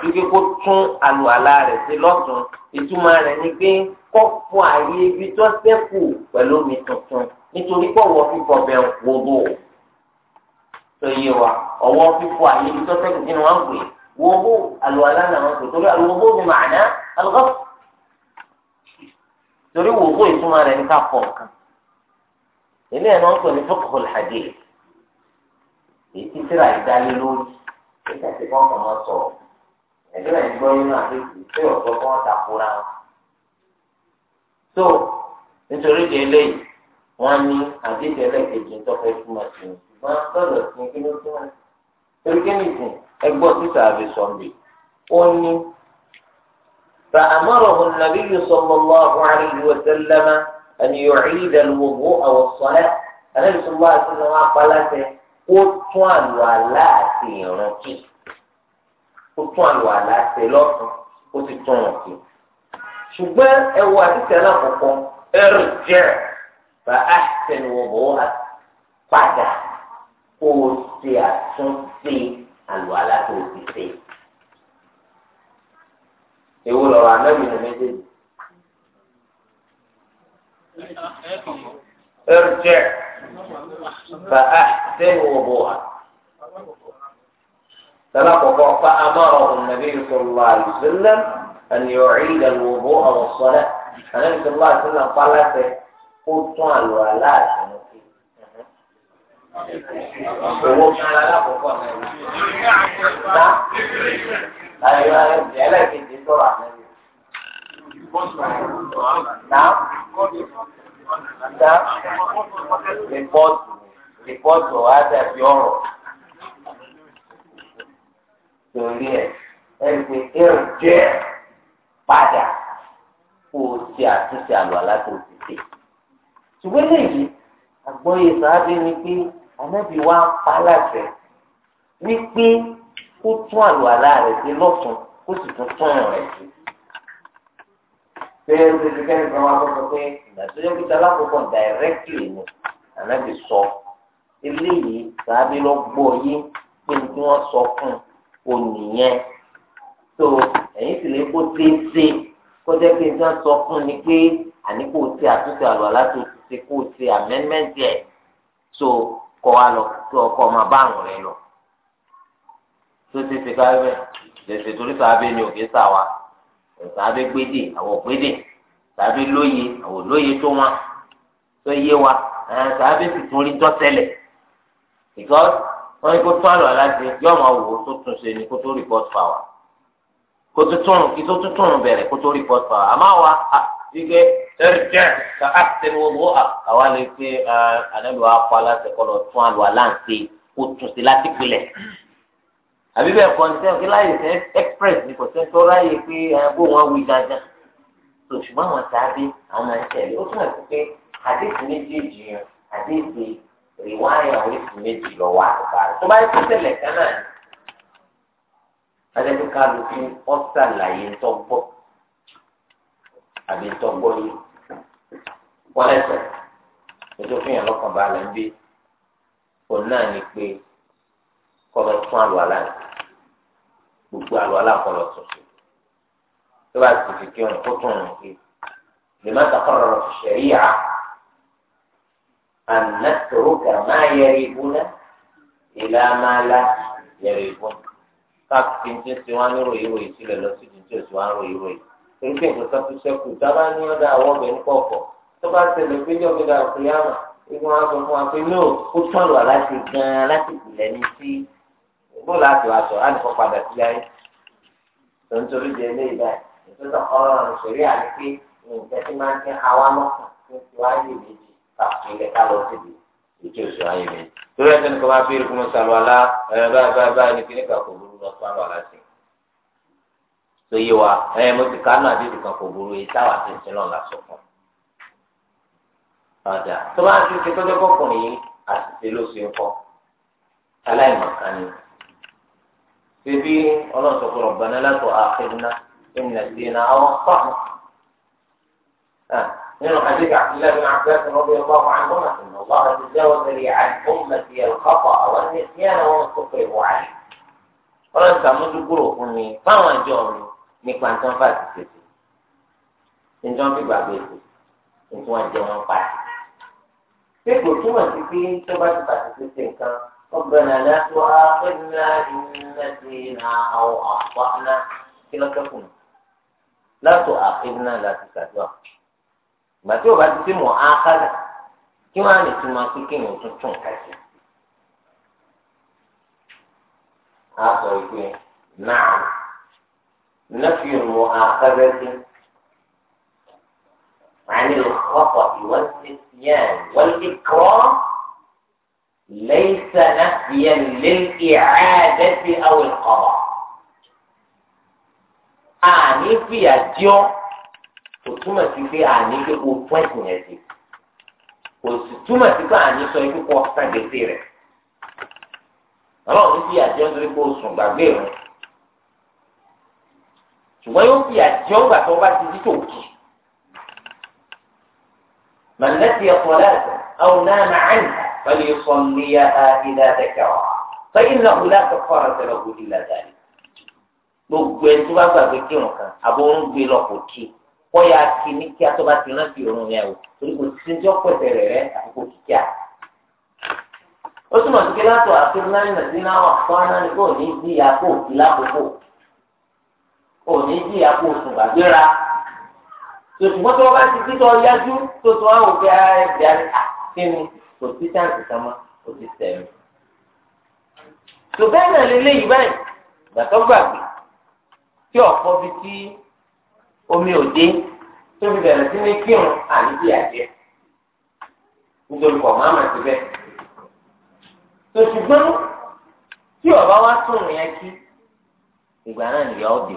wípé kó tún àlùalá rẹ̀ sí lọ́tún ìtumọ̀ rẹ̀ ni pé kó fún ààyè ibi tó ṣẹ́kù pẹ̀lú tuntun nítorí pọ̀ wọ́n fífọ̀ bẹ́ẹ̀ tó yé wa ọwọ́ fífọ àyè ibi tó wọn pè wọ́bù àlùwàlá náà wọn pè torí àlùwọ́bù mi màánà alùpàpù torí wọ́bù ìtumọ̀ rẹ̀ ní ká nǹkan ilé ẹ̀ náà ń pè ní fúkúrú hàdí èyí lórí nígbà tí wọ́n kàn máa sọ̀rọ̀ ń gbọ́ tí wọn ní àdéhùn ẹlẹ́kẹ̀jì tọ́kọ ìtumọ̀ sí i ṣùgbọ́n sọ̀rọ̀ sí i kí ló tún wọn. torí kí ni ìsìn ẹgbọ́n títà àbí sọ̀mbì ó ní. فأمره النبي صلى الله عليه وسلم أن يعيد الوضوء والصلاة النبي صلى الله عليه وسلم قال له قطوا ولا تيركي قطوا ولا تلوكي قطوا ولا تلوكي شو بقى هو هذه سنة قطوا ارجع فأحسن وضوءك بعد أوصي أصوصي الولاة والبسي يقول لو عنا من المدين ارجع فأحسن وضوءك تلقى فأمره النبي صلى الله عليه وسلم أن يعيد الوضوء والصلاة النبي صلى الله عليه وسلم قال kó tún àlọ́ aláàtọ̀ mú kí. Owó kan alákọ̀ọ́kọ́ náà ná láyé láyé ẹlẹ́kejì sọ̀rọ̀ àná. Ná ná rìpọ́tù rìpọ́tù wa dàbí ọ̀rọ̀ torí ẹ̀ ẹ̀ pé ẹ̀rù jẹ́ padà kó o ṣe àtúnṣe àlọ́ aláàtọ̀ òfìsè ṣùgbọ́n lẹ́yìn àgbọ̀yé sàábì ni pé ànábì wa ń pa aláṣẹ wípé kó tún àlùwàlá rẹ̀ ṣe lọ́tún kó sì tún tún rẹ̀ ṣe. bẹ́ẹ̀ ló ti kẹ́ni kan wá sọ pé ìgbà tó yẹ kó ta lákòókò dàírẹ́kìlì ni ànábì sọ eléyìí sàábì lọ gbọ́ yé pé ní kí wọ́n sọ fún un ònìyẹn tó ẹ̀yìn sì lè kó tẹ́tẹ́ kó jẹ́ pé ní sọ fún ni pé àníkò tí àtúnṣe àlùwàlá tó ti ṣe kó ṣe amẹ́mẹ́ntì ẹ̀ so kọ́ wa lọ tó ọkọ̀ ọmọ bá àrùn rẹ lọ. tó ṣe ṣe ká bẹ́ẹ̀ lèṣe torí sàábé ni òkè sà wa sàábé gbédè àwọn ògbédè sàábé lóye àwọn òlóye tó wọn tó yé wa sàábé sì tún rí dọ́tẹ́lẹ̀ because wọ́n ní kó tún àlọ́ aláṣẹ yọ ọmọ òwò tó tún ṣe ni kó tó report power kó tó tún kí tó tún tún bẹ̀rẹ̀ kó tó report power àmọ́ wa wípé ẹrẹjẹ ká àtẹnu owó àwa lè fi ànábìwá pa láti kọlọ tún àlọ aláǹsẹ kó tún sí láti pilẹ àbí bẹ́ẹ̀ kọ́ ní sẹ́yìn kí láyè sẹ́ express ní kò sẹ́yìn tó ráyè pé bó wọn wí dandan tó ṣùgbọ́n àwọn sáábì àwọn máa ń tẹ̀lé ó túnbọ̀ sí pé àdéhùn méjèèjì yẹn àdéhùn rìwáyà oríṣi méjì lọ wà àgbà tó bá yẹ kó tẹ̀lé kan náà àbí tọ́gbọ́ yìí wọ́lẹ́sẹ̀ ètò fún yàn lọ́kàn balẹ̀ ń bí òun náà ni pé kọ́lọ́ tún àlọ́ aláì gbogbo àlọ́ aláàkọ́lọ́ tuntun tó bá ti fi kí òun kó tún òun kí lè má takọ̀rọ̀ rọ̀ ṣẹ̀rí yà àná tòró kà má yẹri ibúná ìlà máa la yẹri ibúná káàkiri tí ń ti wá ní ròyìn ròyìn sílẹ̀ lọ sí ti tí ò ti wá ń ròyìn ròyìn èké nǹkan tó ṣẹ́kù dábàá ní ọ̀dà àwọn ọ̀bẹ ń pọ̀ pọ̀ tó bá tẹ̀lé pé yọ̀ gbẹdà òkèèyàn ìgbọ́n wa sọ fún wa pé no ó tán lọ láti gan láti ìpìlẹ̀ ní sí ìgbó láti wá sọ láti kọ́ padà sí ayé tó ń torí di eléyìí báyìí ìtúntà ọlọ́run ìṣòrí àdéké nǹkan tí máa ń tẹ́ àwa lọ́kàn tó ti wá yé méjì káàkiri ilẹ̀ ká síbi ìjọ oṣù ayé mi. torí ẹsẹ̀ nìkan bá bí irúgbìn sàlọ́ alá ẹ̀ báyìí báyìí báyìí ní kíníkà kò burú lọ sọ́ọ́ àlọ́ sí i tó yé wa ẹ mo ti kánú àdéhùn kan kò burú èyí táwa ti ń sin náà lásán fún ọjà tó bá ń ti ṣe tọ́jọ́ kọkùnrin yìí àṣìṣe ló ṣe ń kọ́ aláìmọ̀kan ni bíbí ọlọ́run sọ pé ọ̀gbọ́n aláàtọ̀ àfẹ́nà ìnà sí iná àwọn fáwọn nínú àdéhùn àtìlẹ́ ní àgbẹ̀sẹ̀ wọn bí ọba wọn àgbọ̀n àti ọba wọn ti jẹ́wọ́ sẹ́lẹ̀ àìkúmọ̀tì ẹ̀kọ́kọ̀ àwọn ní ìyá wọn kọ́kọ́ ìwọ̀ àyè ọlọ́run sàmójúkúrò fún fáwọn àjọ mi nípa ní wọn fàtí tètè ní wọn fi gbàgbé ètò ní wọn jẹ wọn pa ṣé kò túmọ̀ sí pé tó bá ti fàtí tètè nǹkan ọgbẹ́ni aláṣọ àfẹ́nà ìnàdínà àwọn àpáná kí lọ́kẹ́kùn látò àfẹ́nà láti ṣàdúrà ìgbà tí o bá ti ti mọ̀ ákádà kí wọ́n á lè túmọ̀ sí kí èèyàn tún tún kàṣẹ. a sọ ìpè náà. نفي مؤاخذة عن الخطأ والنسيان والإكرام ليس نفيا للإعادة أو القضاء àní fi àjọ kò túmọ̀ sí pé àní pé kò fún ẹ̀sìn yẹn sí kò sì túmọ̀ sí pé àní sọ ikú kọ́ sàgbèsè rẹ̀ ọlọ́run fi àjọ nítorí kó sùn gbàgbé rẹ̀ ṣùgbọ́n yóò fi àjẹ́ ọgbà tó bá ti di tó kì. màlẹ́tì ẹ̀kọ́ láti àwọn náà máa ń wọlé sọ ní ilé àdẹ́kẹ̀wá fẹ́yìn náà wọlé àkọ́kọ́ rẹ̀ tẹ̀lé òkú ìlà dàrí. gbogbo ẹni tó bá gbàgbé kírun kan àbórun gbé lọ kò kí kọ́ ya kí ní kí atọ́ bá ti rántí òun yẹn o torí kò sí ní ọ̀pọ̀ ìtẹ̀rẹ̀ rẹ àkókò kíkíà. ó túmọ̀ sí kí látọ̀ àfihàn òní jí àpò oṣù gbàgbéra tòṣùgbọ́n tó bá ti títọ́ yájú tó tó àwọn òkè ẹ̀dá kíni kò sí táǹkì kan mọ́ kò sí tẹ̀mí. tòbẹ́ náà lélẹ́yìí báyìí gbàtọ́ gbàgbé tí ọ̀pọ̀ fi tí omi òde tó fi bẹ̀rẹ̀ sí ní kírun àníbi àjẹ́ nítorí kọ̀ máa máa ti bẹ́ẹ̀. tòṣùgbọ́n tí ọba wa tún yẹn kí ìgbà náà nìyà ó di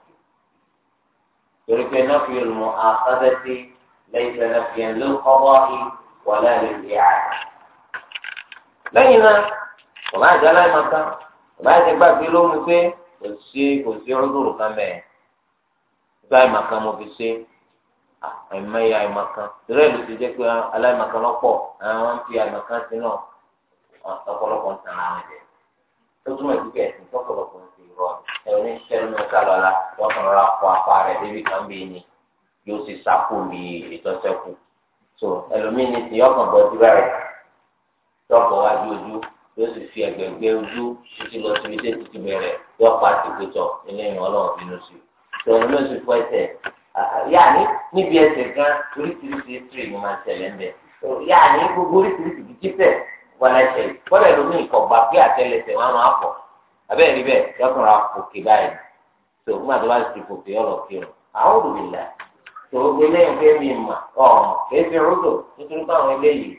torí pé nọ́ọ̀fì olùmọ̀ àkọ́sẹ́sí lẹ́yìn tẹ̀lé fi ẹ̀ ló kọ́kọ́ kí wọ́n lẹ́nu ìdí àná. lẹ́yìn náà kò máa jẹ́ aláìmọ̀ká kò máa jẹ́ gbàgbé ló mu pé kò sí kò sí ọdúnrún kan bẹ́ẹ̀ nípa àìmọ̀ká mo fi ṣe àìmọ̀ya àìmọ̀ká torí ẹ̀ ló ti jẹ́ pé aláìmọ̀ká lọ́pọ̀ àwọn fi àìmọ̀ká sí náà ọ̀pọ̀lọpọ̀ ń tan àwọn ẹ̀jẹ̀ tó túmọ̀ sí ẹ̀sìn rọ ẹni sẹ́nu sálọ́lá wọ́n kàn rà kó apá rẹ̀ débi kan bí ni yóò sì sáko bí ìtọ́sẹ́kù tó ẹlòmíì ní ti ọkàn bọ́ dúró rẹ̀ tọkọ̀ wájú ojú yóò sì fi ẹgbẹ̀gbẹ́ ojú títí lọ síbi tẹ́ ti ti bẹ̀rẹ̀ yóò pa ti pẹ̀tọ̀ ilé ìwọ̀n ọlọ́run bínú sí i tòun ló sì fọ ẹsẹ̀ yáàní níbi ẹsẹ̀ gan oríṣiríṣi tírì ni máa ń tẹ̀lé ń bẹ̀ yáàní gbogbo oríṣiríṣi jíjíṣẹ̀ wọlé ṣẹlẹ̀ kọ́lẹ̀ lómi ìkọ̀gbà pé àtẹlẹsẹ̀ wọn máa pọ̀ abẹ́rẹ́ rí bẹ́ẹ̀ yọkùnrin àpòkè báyìí tó fún àti wáyé ti fòkè ọ̀rọ̀ kírun àwọn olùmìlà tó gbé lẹ́yìn fẹ́ mi mà ọ̀hún kìí fi rúdò nítorí pé àwọn eléyìí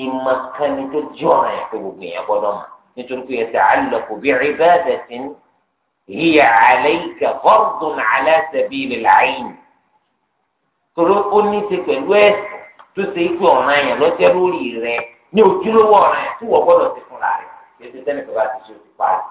ìmọ̀ kan ni tó jí ọ̀ràn yẹn pé gbogbo yẹn gbọ́dọ̀ mọ̀ nítorí pé ẹsẹ̀ àlọ́kù bí rí bẹ́ẹ̀ dẹ̀ sí ní ìyá àlẹ́ ìkẹ́ fọ́ọ̀dùn àlẹ́ àṣẹbí ilẹ̀ láàyìn ní ojúlówó ọ̀ràn yẹn tí wọ́n gbọ́dọ̀ ti fúnra rẹ̀ kí ẹsẹ̀ tẹ́lifíwá ti ṣe òṣùpá rẹ̀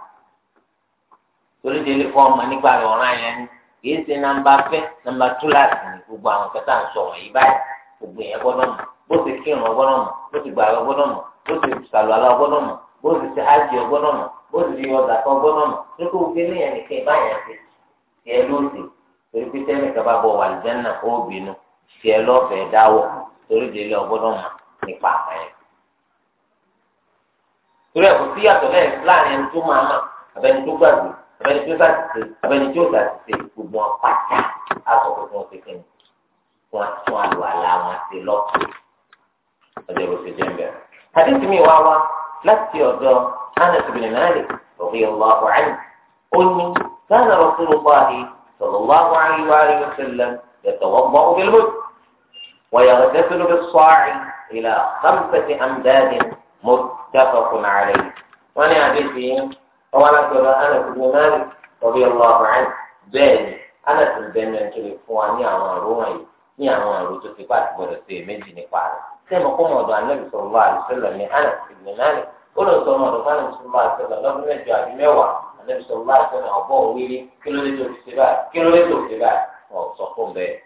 torí délé kọ́ ọmọ nípa rẹ̀ ọ̀ràn yẹn ni kì í ṣe nàmbà fẹ́ nàmbà túláàsì ní gbogbo àwọn kẹta ń sọ̀rọ̀ yìí báyìí gbogbo yẹn gbọ́dọ̀ mọ̀ bó ti kírun ọgbọ́dọ̀ mọ̀ bó ti gbà ọgbọ́dọ̀ mọ̀ bó ti sàlùwàlà ọgbọ́dọ̀ mọ̀ bó ti ṣe ájì ọgbọ́dọ̀ mọ̀ bó ti ọ̀dà kan ọgbọ́dọ̀ mọ̀ torí kò gbé léyìn nìkan báyẹn ti tiẹ̀ lóde torí pé tẹ́lẹ̀ kaba bọ̀ wà lìjánà ó bínú tiẹ̀ lọ́fẹ̀ẹ́ abẹni tí ó sàtìsẹ abẹni tí ó sàtìsẹ gbogbo wọn pátá aṣọ gbogbo wọn kékeré ni wọn tún àlọ àlà wọn ṣe lọtọ ọjọ ìwé ṣe jẹun bẹ́ẹ̀. hadith mi wá wá láti ọ̀dọ̀ anas bin malik radiyallahu anhu ó ní kana rasulullahi sallallahu alayhi wa sallam yatawadda'u bil mudd wa yaghtasilu bis sa'i ila khamsati amdad muttafaqun alayhi wọn ní àdéhùn ọwọ́ alágbèrè Anas ibn Malik radiyallahu anhu bẹ́ẹ̀ ni Anas ibn bẹ́ẹ̀ náà kiri fún wa ní àwọn àrò wọ̀nyí ní àwọn àrò tó ti pàṣẹ gbọdọ̀ sí èméjì nípa rẹ̀ sẹ́mi kó mọ̀ọ́dọ̀ Ànábì sallallahu alaihi wasallam ní Anas ibn Malik ó lọ sọ mọ̀ọ́dọ̀ fún Ànábì sallallahu alaihi wasallam lọ́dún mẹ́jọ àbí mẹ́wàá Ànábì sallallahu alaihi wasallam ọ̀bọ̀ òwúrí kí ló dé tó fi ṣe báyìí kí ló dé tó fi ṣe báyìí wọn ò sọ fún bẹ́ẹ̀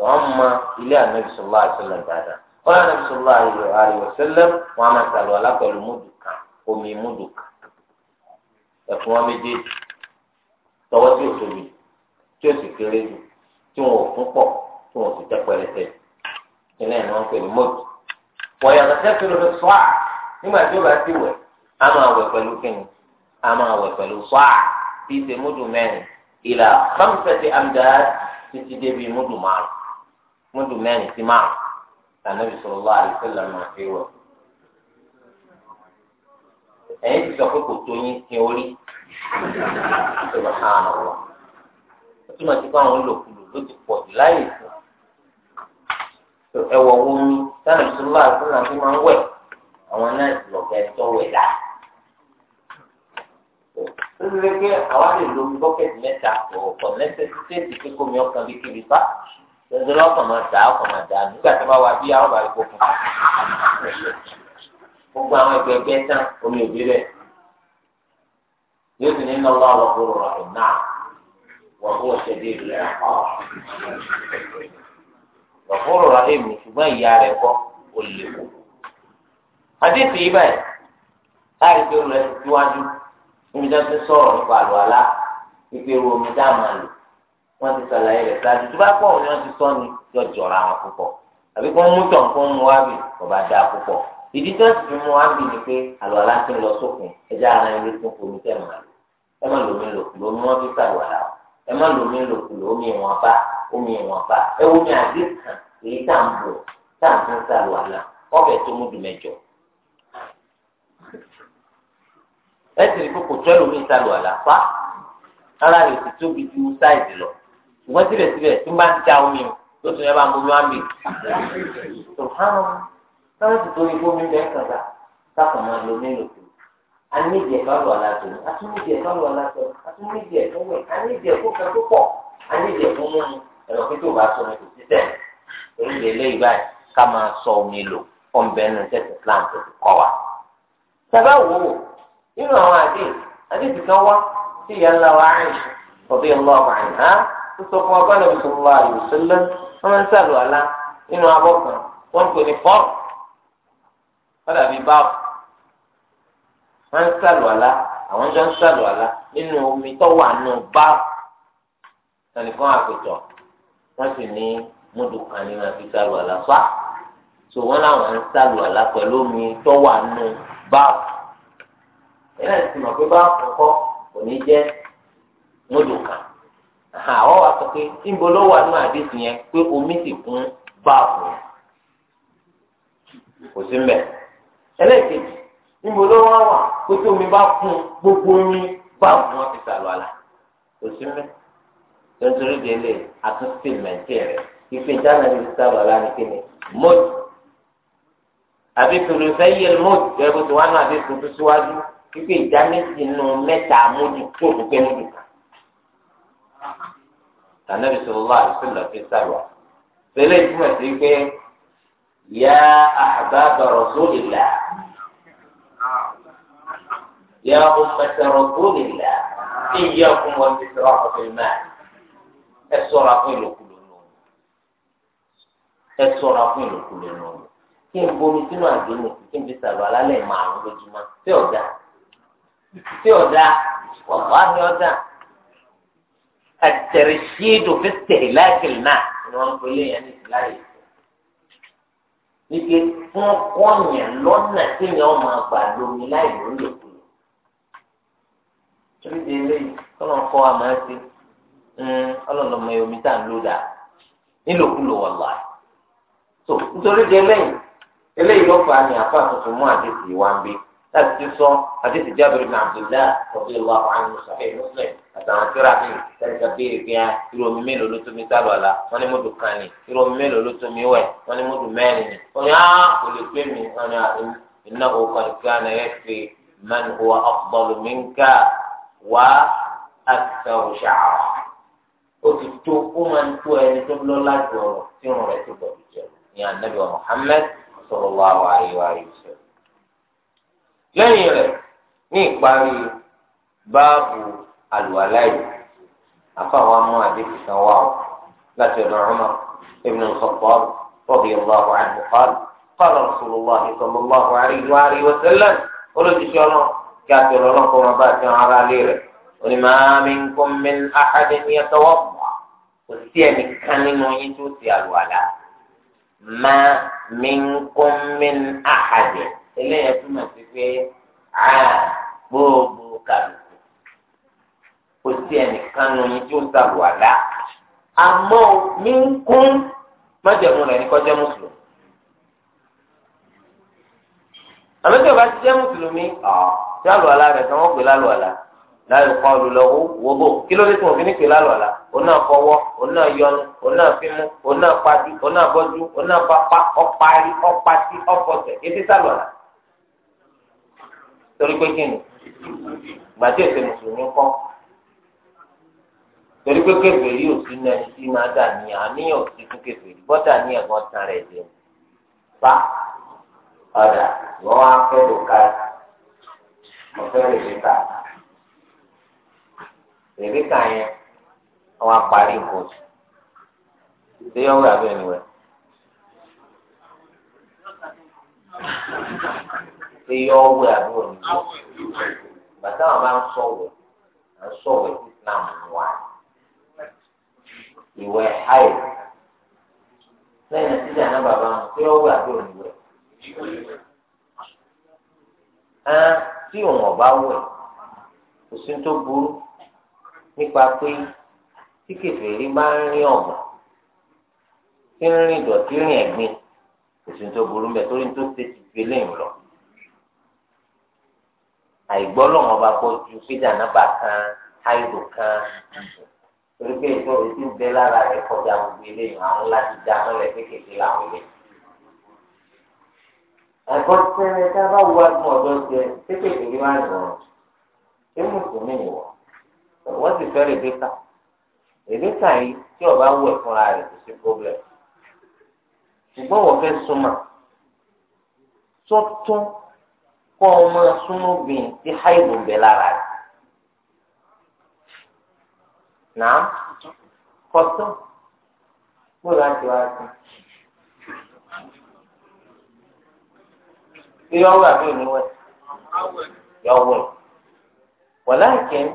wọn mọ ilé Ànábì sallallahu alaihi wasallam dáadáa wọn Ànábì sallallahu alaihi ẹ̀fún wọn méjèèjì tọwọ́ tí ò tóbi tí ò sì kéré jù tí wọn ò fún pọ̀ tí wọn ò sì jẹ́ pẹlẹtẹ ìpínlẹ̀ ni wọ́n pè ní mọ́tò wọ́n yàtọ̀ sẹ́kì ló fi sọ́à nígbà tí ó bá ti wẹ̀ á máa wẹ̀ pẹ̀lú kíni á máa wẹ̀ pẹ̀lú sọ́à tí ṣe múdù mẹ́rin ìlà khamsati amdad títí débi múdù márùn múdù mẹ́rin sí márùn tànàbí sallallahu alaihi wasallam máa fi wẹ̀ ẹ̀yin ti sọ pé kò tó yín sin orí ìṣòro hàn wọ́n ó túmọ̀ sí pé àwọn olùkùlù ló ti pọ̀ jù láyè sí ẹ̀wọ̀ wo ni sáà ìṣúná àti náà fi máa ń wẹ̀ àwọn náà ti lọ̀gá ẹ̀tọ́ wẹ̀ dá. ó ti lè pé àwa lè lo bọ́kẹ̀tì mẹ́ta ọ̀pọ̀ lẹ́sẹ̀sẹ̀sì pé kómi ọkàn bí kiri bá lọ́sọ̀rọ̀ ọkàn máa dà ọkàn máa dà nígbà tó bá wà bí àwọn bá rí kó gbogbo àwọn ẹgbẹgbẹ tán omi ò dé bẹ yóò sì ní iná wà lọkùnrin rà ẹ náà wọn kó ṣe ìlú ẹ ọ lọkùnrin rà ẹ mi ṣùgbọ́n ìyá rẹ kọ lè àdéhùn yìí báyìí láì olùrẹ níbi tí wọn ti nípa àlọ àlá ru omi wọn ti rẹ ṣáájú ìdí tó ń fi mu wá bì ní pé àlùwàlá ti ń lọ sókun ẹja ara ń rí fún omi tẹ̀ mọ́ ẹ má lómi lòkulò omi wọn fi sàlùwàlà ẹ má lómi lòkulò omi ìwọ̀n bá omi ìwọ̀n bá ẹ wo mi àdé kan èyí tá à ń bò tá à ń fi sàlùwàlà ọbẹ̀ tó mú dùmẹ̀jọ. ẹ sì rí pé kò tọ́ lómi sàlùwàlà pa ara rẹ̀ ti tóbi ju sáìdì lọ ṣùgbọ́n síbẹ̀síbẹ̀ tí wọ́n bá ń da omi o lóṣù yẹn bá ń bomi wá bì táwọn ti torí fómi bẹ́ẹ̀ kàdà kákan máa lo mélòó tó anídìí ẹ̀ka lọ alájọ ni atúnídìí ẹ̀ka lọ alájọ atúnídìí ẹ̀ka wẹ̀ anídìí ẹ̀kọ́ kan tó pọ̀ anídìí ẹ̀kọ́ mímu ẹ̀rọ pé tó bá sọ ní kò sí tẹ̀ orí ilé ilé ìgbà ká máa sọ omi lò ọ̀nbẹ nù tẹ̀sí Islam tó ti kọ́ wa. sábà wò ó nínú àwọn àdé àdé ti kan wá sí ìyá ńlá wa àrùn ọ̀bí ọlọ́ àrùn á ó sọ fún ọgbọ́n ẹ̀mí tó ọ̀dà bíi báwò wọ́n ń sàlù àlá àwọn jọ ń sàlù àlá nínú omi tó wà nù báwò tẹlifọ́n àpèjọ wọ́n sì ní mọ́dùkàn nínú àfi sàlù àlá fa so wọ́n làwọn ń sàlù àlá pẹ̀lú omi tó wà nù báwò ẹ̀rọ ìsìn mọ̀ pé báwò kọ̀ọ̀kọ́ kò ní jẹ́ mọ́dùkàn àwọn wa sọ pé níbo ló wà nù àdéhùn yẹn pé omi sì kún báwò kò sí mbẹ́ ẹlẹ́ẹ̀kejì níbo ló wá wà kó tó mi bá kún gbogbo omi báwo ni wọ́n ti sàlù àlà kò sí mẹ́ nítorí délé àtúntì mẹ́tì rẹ̀ ìfẹ́ jáde ní sàlù àlà ní kíni mọ́tò àbí tòlù sẹ́yẹ mọ́tò ẹ̀ bó ti náà àti tuntun síwájú kíkẹ́ ìdá nù mẹ́ta mójú tó kù pé mójú kan. Tànàbí sọlọ́lá àdìsílọ̀ fi sàlù àlà. Sẹ́lẹ̀ túmọ̀ sí pé yá àbá bàrọ̀ sólè là. يا أمة رسول الله إياكم والإسراف في المال السرعة في الكل ẹ sọra fún ìlòkulè nù kí n bomi sínú àdéhùn kí n fi sàlọ alálẹ̀ márùn lójúmọ́ tí ọdá tí ọdá wàhálà ni ọdá àtẹrẹsíẹdò fi tẹrẹ láìpẹlẹ náà ni wọn pe lẹ́yìn ẹni tí láyè wípé fún ọkọ yẹn lọ́nà tí yẹn ọmọ àgbà lómi láì lóyè kù torí di eléyìí kọ́lọ̀ ń kọ́ wa máa ṣe ọlọ́lọ́mọ omi tá à ń lò dà nílòkulò wà láì so nítorí di eléyìí eléyìí ló fa ni àfa tuntun mú àdéhùn ìwà ń gbé láti ti sọ àdéhùn jábìrì ní abdullahi ọ̀bí ìwà àwọn mùsàlẹ̀ muslim àtàwọn tíra mi tẹ̀síkà béèrè pé á irú omi mélòó ló tómi sábàlá wọn ni mọ́tò kan ni irú omi mélòó ló tómi wẹ̀ wọn ni mọ́tò mẹ́rin ni wọn ni kò lè pé mi wọn ni ìnáwó kan kí á nà ẹ fi man huwa afdalu wà àtẹ òṣà ó ti tó ó máa ń tó ẹni tó lọ́lá jù ọ̀rọ̀ tí irun rẹ̀ ti gbọ̀dọ̀ jẹ ní anabi Muhammad sallallahu alaihi wa sallam. lẹ́yìn rẹ̀ ní ìparí báàbù àlùwàláyé àfàwọn amú àdéhùn kan wà ó láti ọ̀dọ̀ Umar ibn al-Khattab radiyallahu anhu qala qala rasulullah sallallahu alaihi wa sallam olójúṣe kí àtọ̀rọ̀ náà kó wọn bá ti wọn ara lé rẹ̀ òní máa mi ń kó mi ní àhádé ní ẹ̀tọ́ wọ́n mọ̀ kò sí ẹnìkan nínú yín tó ti àlùwàlá máa mi ń kó mi ní àhádé eléyẹn túmọ̀ sí pé a gbogbo kàlùkù kò sí ẹnìkan nínú yín tó ti àlùwàlá àmọ́ mi ń kún májẹ̀mú rẹ̀ ní kọjá mùsùlùmí àmọ́ tí o bá ti jẹ́ mùsùlùmí ọ̀ tí ala rẹ̀ tí wọ́n pè lálùwàlá láyò kọ́ olùlọ́wọ́ wọ́gbọ́ kí ló dé tí wọ́n fi ní pè lálùwàlá oná fọwọ́ oná yọnu oná fímú oná pati oná bọ́jú oná pápá ọparí ọpati ọfọsẹ̀ etí sálùwàlá. torí pé kí ni gbàdé ètò mùsùlùmí kọ́ torí pé kèfèrí òsì náà ẹni tí máa dà ní àníyàn òsì fún kèfèrí bọ́dà ní ẹ̀gbọ́n tan rẹ̀ dé pa ọ̀dà wọ́n á fẹ́ lò káàdì ọ̀fẹ́ rèbíkà rèbíkà yẹn àwọn apàrí nǹkan oṣù ṣé yọ wúrà bẹ́ẹ̀ ni wẹ̀ ṣé yọ wúrà bẹ́ẹ̀ ni wẹ̀ bàtà wọn bá ń sọ̀wẹ̀ ń sọ̀wẹ̀ islam wà ìwẹ̀ ayé lẹ́yìn tí ìjà bàbá wọn ṣé yọ wúrà tí òun ọba wẹ̀ kò sí tó burú nípa pé tí kèfèrí bá ń rí ọ̀gbà tí ń rìn dọ̀tí rìn ẹ̀gbin kò sí tó burú mbẹ torí tó ṣe ti fi léyìn lọ. àìgbọ́ lọ́wọ́ bá gbọ́ ju fídà náà bá kan áìdò kan torí pé ìtọ́ ètí ń bẹ lára rẹ̀ kọjá gbogbo eléyìn àwọn láti dá mọ́lẹ̀ kékeré láwọn eléyìn àgọ́ sẹ́ni tá a bá wá fún ọ̀dọ́ jẹ kéékèèké yìí máa ń rọ̀ ṣé mùsùlùmí ni wọ́n wọ́n sì fẹ́ rèbíkà rèbíkà yìí tí ọba wù ẹ̀ fúnra rẹ̀ kò sí problem ṣùgbọ́n wọ́n fẹ́ súnmọ́ sọ́tún kọ́ ọmọ súnmọ́bìn tí háìbù bẹ̀ lára rẹ̀ náà kọ́tún gbọ́dọ̀ àti wá sí ṣé yọ wẹ̀ àbí òníwẹ̀ yọ wẹ̀ wọ̀lá ìkẹ́ni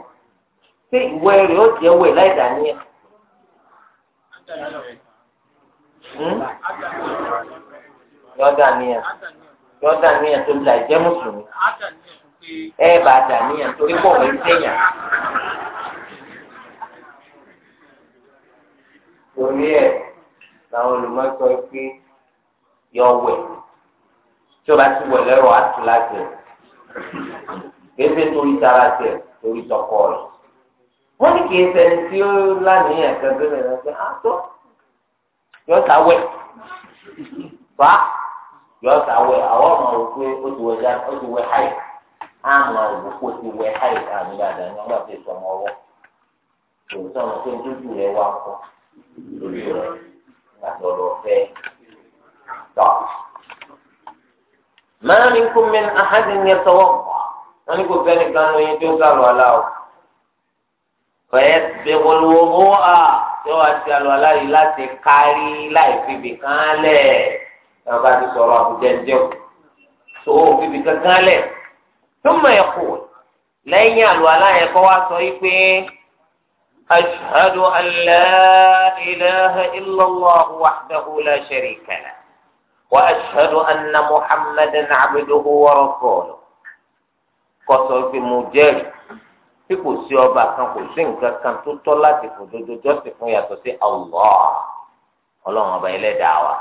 ṣé ìwẹ̀ rẹ̀ ó jẹ́ wẹ̀ láì dàníyàn. Hmm? yọ dàníyàn yọ dàníyàn tó la ìjẹ́ mùsùlùmí ẹ bá dàníyàn torí pọ̀ wẹ̀ ń torí ẹ̀ làwọn olùmọ̀ sọ pé yọ wẹ̀ tí o bá ti wọlé rọ àtú láti torí tara torí tọkọ rẹ wọn ní kìí tí ó lánìyàn kẹgbẹ rẹ lọsẹ àtọ yọ sáwẹ fa yọ sáwẹ àwọn ọmọ rẹ pé ó ti wẹ já ó ti wẹ háì àmọ́ òwò ti wẹ háì àmì dáadáa ní ọgbà tó ọmọ ọwọ́ òótọ́ ọmọ tó ń dúdú rẹ wá kọ lórí rẹ gbàgbọ́dọ̀ fẹ́ tọ́. ما منكم من أحد يتوضأ ونقول بين كانوا يتوكلوا على فيسبغ الوضوء yóò wá sí alọ aláyè láti kárí láì fìbì kan lẹ̀ náà bá ti sọ̀rọ̀ àbújá ń jẹun tó o fìbì kankan lẹ̀ tó mọ̀ ẹ̀ kù lẹ́yìn alọ aláyè kọ́ wá sọ yìí pé ashhadu an la ilaha illallah wahdahu la sharika وأشهد أن محمدا عبده ورسوله kọsọ pé mo jẹ́rìí tí kò sí ọba kan kò sí nǹkan kan tó tọ́ láti fòdodo jọ́sìn fún yàtọ̀ sí Allah ọlọ́run ọba ẹlẹ́dàá wa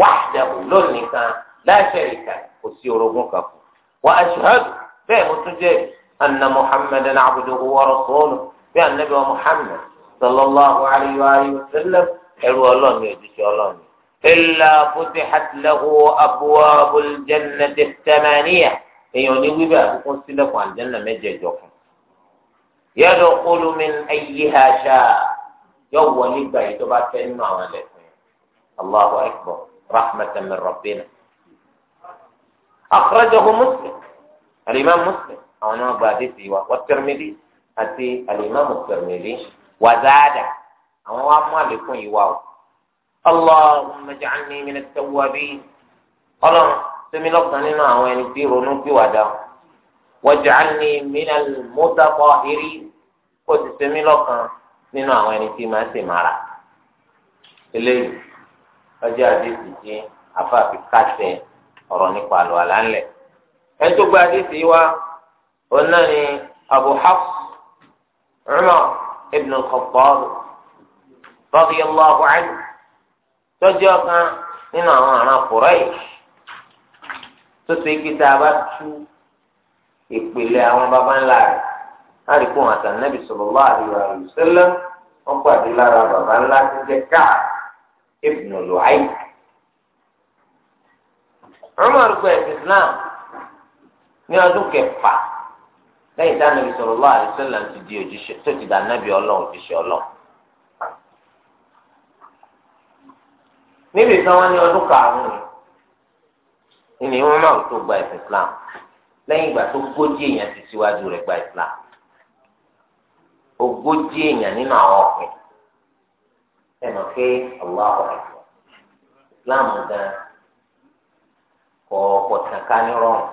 wahdahu lónìí kan la sharika kò sí orogún kan kù wa ashhadu bẹ́ẹ̀ mo tún jẹ́rìí anna muhammadan abduhu wa rasuluhu bẹ́ẹ̀ anabi wa muhammad sallallahu alayhi wa sallam ẹrú ọlọ́run ojúṣe ọlọ́run إلا فتحت له أبواب الجنة الثمانية اي يعني لك عن الجنة يدخل من أيها شاء جو الله أكبر رحمة من ربنا أخرجه مسلم الإمام مسلم او أنا نعم، بعد والترمذي أتي الإمام الترمذي وزاد أنا نعم، ما لكم يواو اللهم اجعلني من التوابين اللهم سمي لقنا وين يديروا نبي ودا واجعلني من المتطهرين قد سمي لقنا nínú àwọn ẹni tí máa ń sè mara eléyìí ọjọ́ àdéhùn ti afáàfi kásẹ̀ ọ̀rọ̀ nípa àlọ́ àlálẹ̀ ẹni tó gba àdéhùn wa òun náà ni abu hafs umar ibn al-khattab radiyallahu anhu tọ́jú ọ̀kan nínú àwọn àrùn Quraysh tó ṣe kí tá a bá tú ìpìlẹ̀ àwọn baba ńlá rẹ̀ láti kó àtàn Nabi sallallahu alaihi wasallam wọ́n pàdé lára baba ńlá tó jẹ́ káà ibn Lu'ay. Umar gba ẹ̀sìn Islam ní ọdún kẹfà lẹ́yìn tá a Nabi sallallahu alaihi wasallam ti tó ti dà Nabi Ọlọ́run òjíṣẹ́ Ọlọ́run. níbi kan wọn ní ọdún karùnún ni ni wọn máa tó gba ẹsìn islam lẹ́yìn ìgbà tó ogójì èèyàn ti síwájú rẹ̀ gba islam ogójì èèyàn nínú àwọn ọkùnrin ẹ mọ̀ pé aláwọ ẹ̀kọ́ islam gan kọ pọtàkà ní rọrùn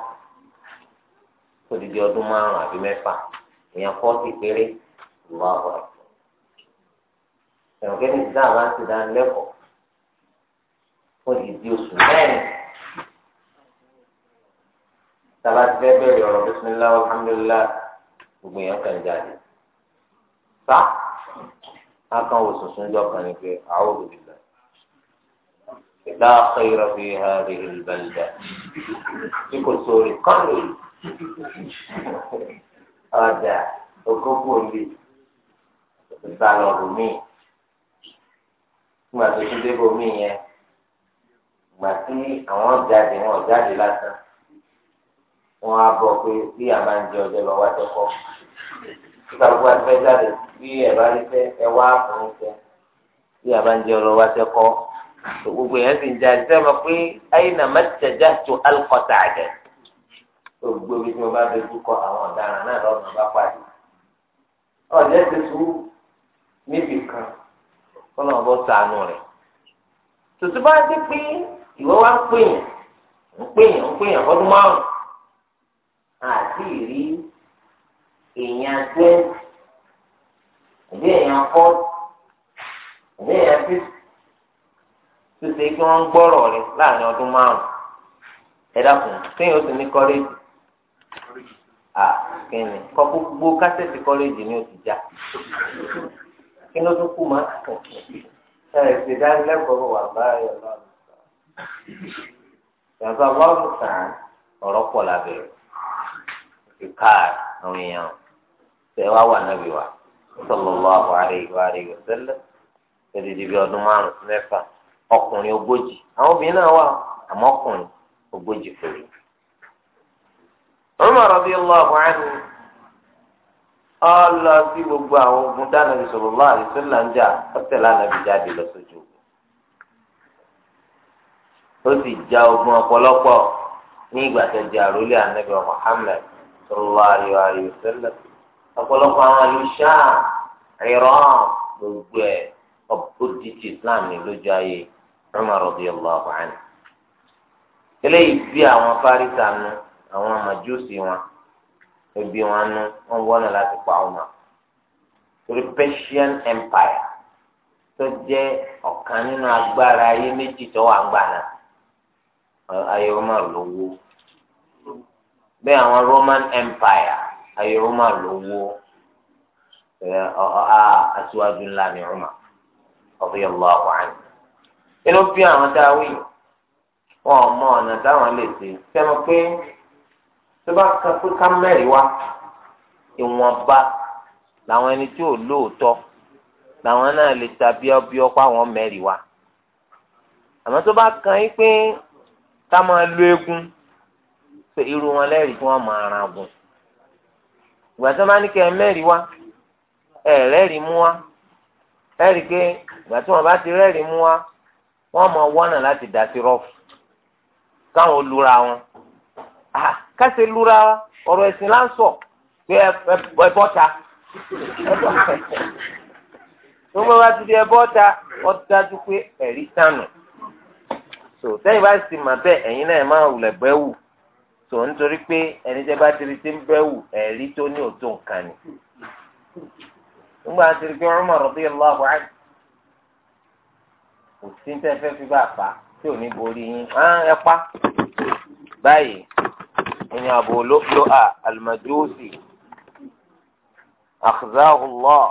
tó di di ọdún márùn àbí mẹ́fà èèyàn kọ́ sí péré aláwọ ẹ̀kọ́ ẹ mọ̀ pé ní islam láti dánilẹ́kọ̀ọ́ odidi oṣù mẹ́rin tàbá ti fẹ́ bẹ̀rẹ̀ ọ̀rọ̀ bisimilá alhamdulilá gbogbo yẹn kàn jáde sá akàn wò sùnsùn jọ kàn ní pé àwọn olùdílà ìdá xeyra fi ha rí ìbàlùdà tí kò sórí kàn lórí ọjà okókó lè ìbálòbù míì nígbà tó tún bomi yẹn ìgbà tí àwọn jáde wọn jáde lásán wọn á bọ pé bí a máa ń jẹ ọjọ́ lọ wá tẹkọ tí kálukú àti fẹ́ jáde bí ẹ bá rí fẹ́ ẹ wá fún un bí a máa ń jẹ ọjọ́ lọ wá tẹkọ gbogbo yẹn sì ń jáde sẹ́mi pé ayé nà má tẹ̀já tó alùpàtà àjẹ gbogbo bí mo bá dojú kọ àwọn ọ̀daràn náà lọ́nà bá pàdé ọ̀jẹ̀ ti tú níbì kan kọ́ sànù rẹ̀ tòtí bá dé pé ìwọ wa ń pèèyàn ń pèèyàn ń pèèyàn ọdún márùn àti ìrí èèyàn twenty ìdí èèyàn forty ìdí èèyàn fifty tó ṣe kí wọ́n ń gbọ́rọ̀ rẹ láàrin ọdún márùn ẹ dákun kéèyàn ó sì ní kọ́lẹ́jì à kìnnì kọ́ gbogbo kásẹ̀tì kọ́lẹ́jì ni ó ti já kí ló tún kù mọ́ ẹ̀ ṣèdánilẹ́kọ̀ọ́ wà báyọ̀ lọ́nà. yàtọ̀ ọlọ́run sàn ọ̀rọ̀ pọ̀ lábẹ́ ìkáàd àwọn èèyàn tẹ̀wá wà nábì wa sallallahu alaihi wa alihi wa sallam tẹ̀lé bí ọdún márùn sí mẹ́fà ọkùnrin ogójì àwọn obìnrin náà wà àmọ́ ọkùnrin ogójì ọ lọ gbogbo àwọn ogun dáná ń jà nàbí ó sì ja ogun ọ̀pọ̀lọpọ̀ ní ìgbà tó di àròlé ànábì Muhammad sallallahu alaihi wasallam ọ̀pọ̀lọpọ̀ àwọn ìlú Iran Ìrán gbogbo ẹ̀ ọ̀pọ̀dìtì Islam ní lójú ayé Umar radiyallahu anhu. eléyìí bí àwọn fárísà nu àwọn màjúsì wọn ebi wọn nu wọn wọnà láti pa ọmọ torí Persian Empire tó jẹ́ ọ̀kan nínú agbára ayé méjì tó wà gbà náà ayé Umar ló wó bẹ́ẹ̀ àwọn Roman Empire ayé Umar ló wó aṣíwájú ńlá ni Umar radiyallahu anhu inú bí àwọn dáwì wọn ò mọ ọ̀nà táwọn lè ṣe sẹ́mi pé tó bá kan pé ká mẹ́rin wá ìwọ̀nba làwọn ẹni tí ò lóòótọ́ làwọn náà lè ta bíọ́bíọ́ pa àwọn mẹ́rin wá àmọ́ tó bá kan yín pé ká máa lu eégún pé irú wọn lẹ́rìí kí wọ́n máa ran gùn ìgbà tí wọ́n bá ní kẹ́ ẹ mẹ́rìí wá ẹ rẹ́rìí mú wá ẹ̀rí pé ìgbà tí wọ́n bá ti rẹ́rìí mú wá wọ́n máa wọ́nà láti dá sí rọ́ọ̀fù káwọn lura wọn káṣe lura ọ̀rọ̀ ẹ̀sìn láǹsọ̀ pé ẹ bọ́ta tó bá bá ti di ẹ bọ́ta ó dájú pé ẹ̀rí sànù so sẹ́yìn bá sì mà bẹ́ẹ̀ ẹ̀yin náà máa wùlẹ̀ bẹ́ẹ̀ wù so nítorí pé ẹni tẹ́ bá tiri tí ń bẹ́ẹ̀ wù ẹ̀rí tó ní òtó nǹkan ni. nígbà tí pé Umar radiyallahu anhu kò sí tẹ́ fẹ́ fi bá a pa tí ò ní borí yín ẹ pa báyìí ìní Abu Lu'lu'a al-Majusi akhzahu Allah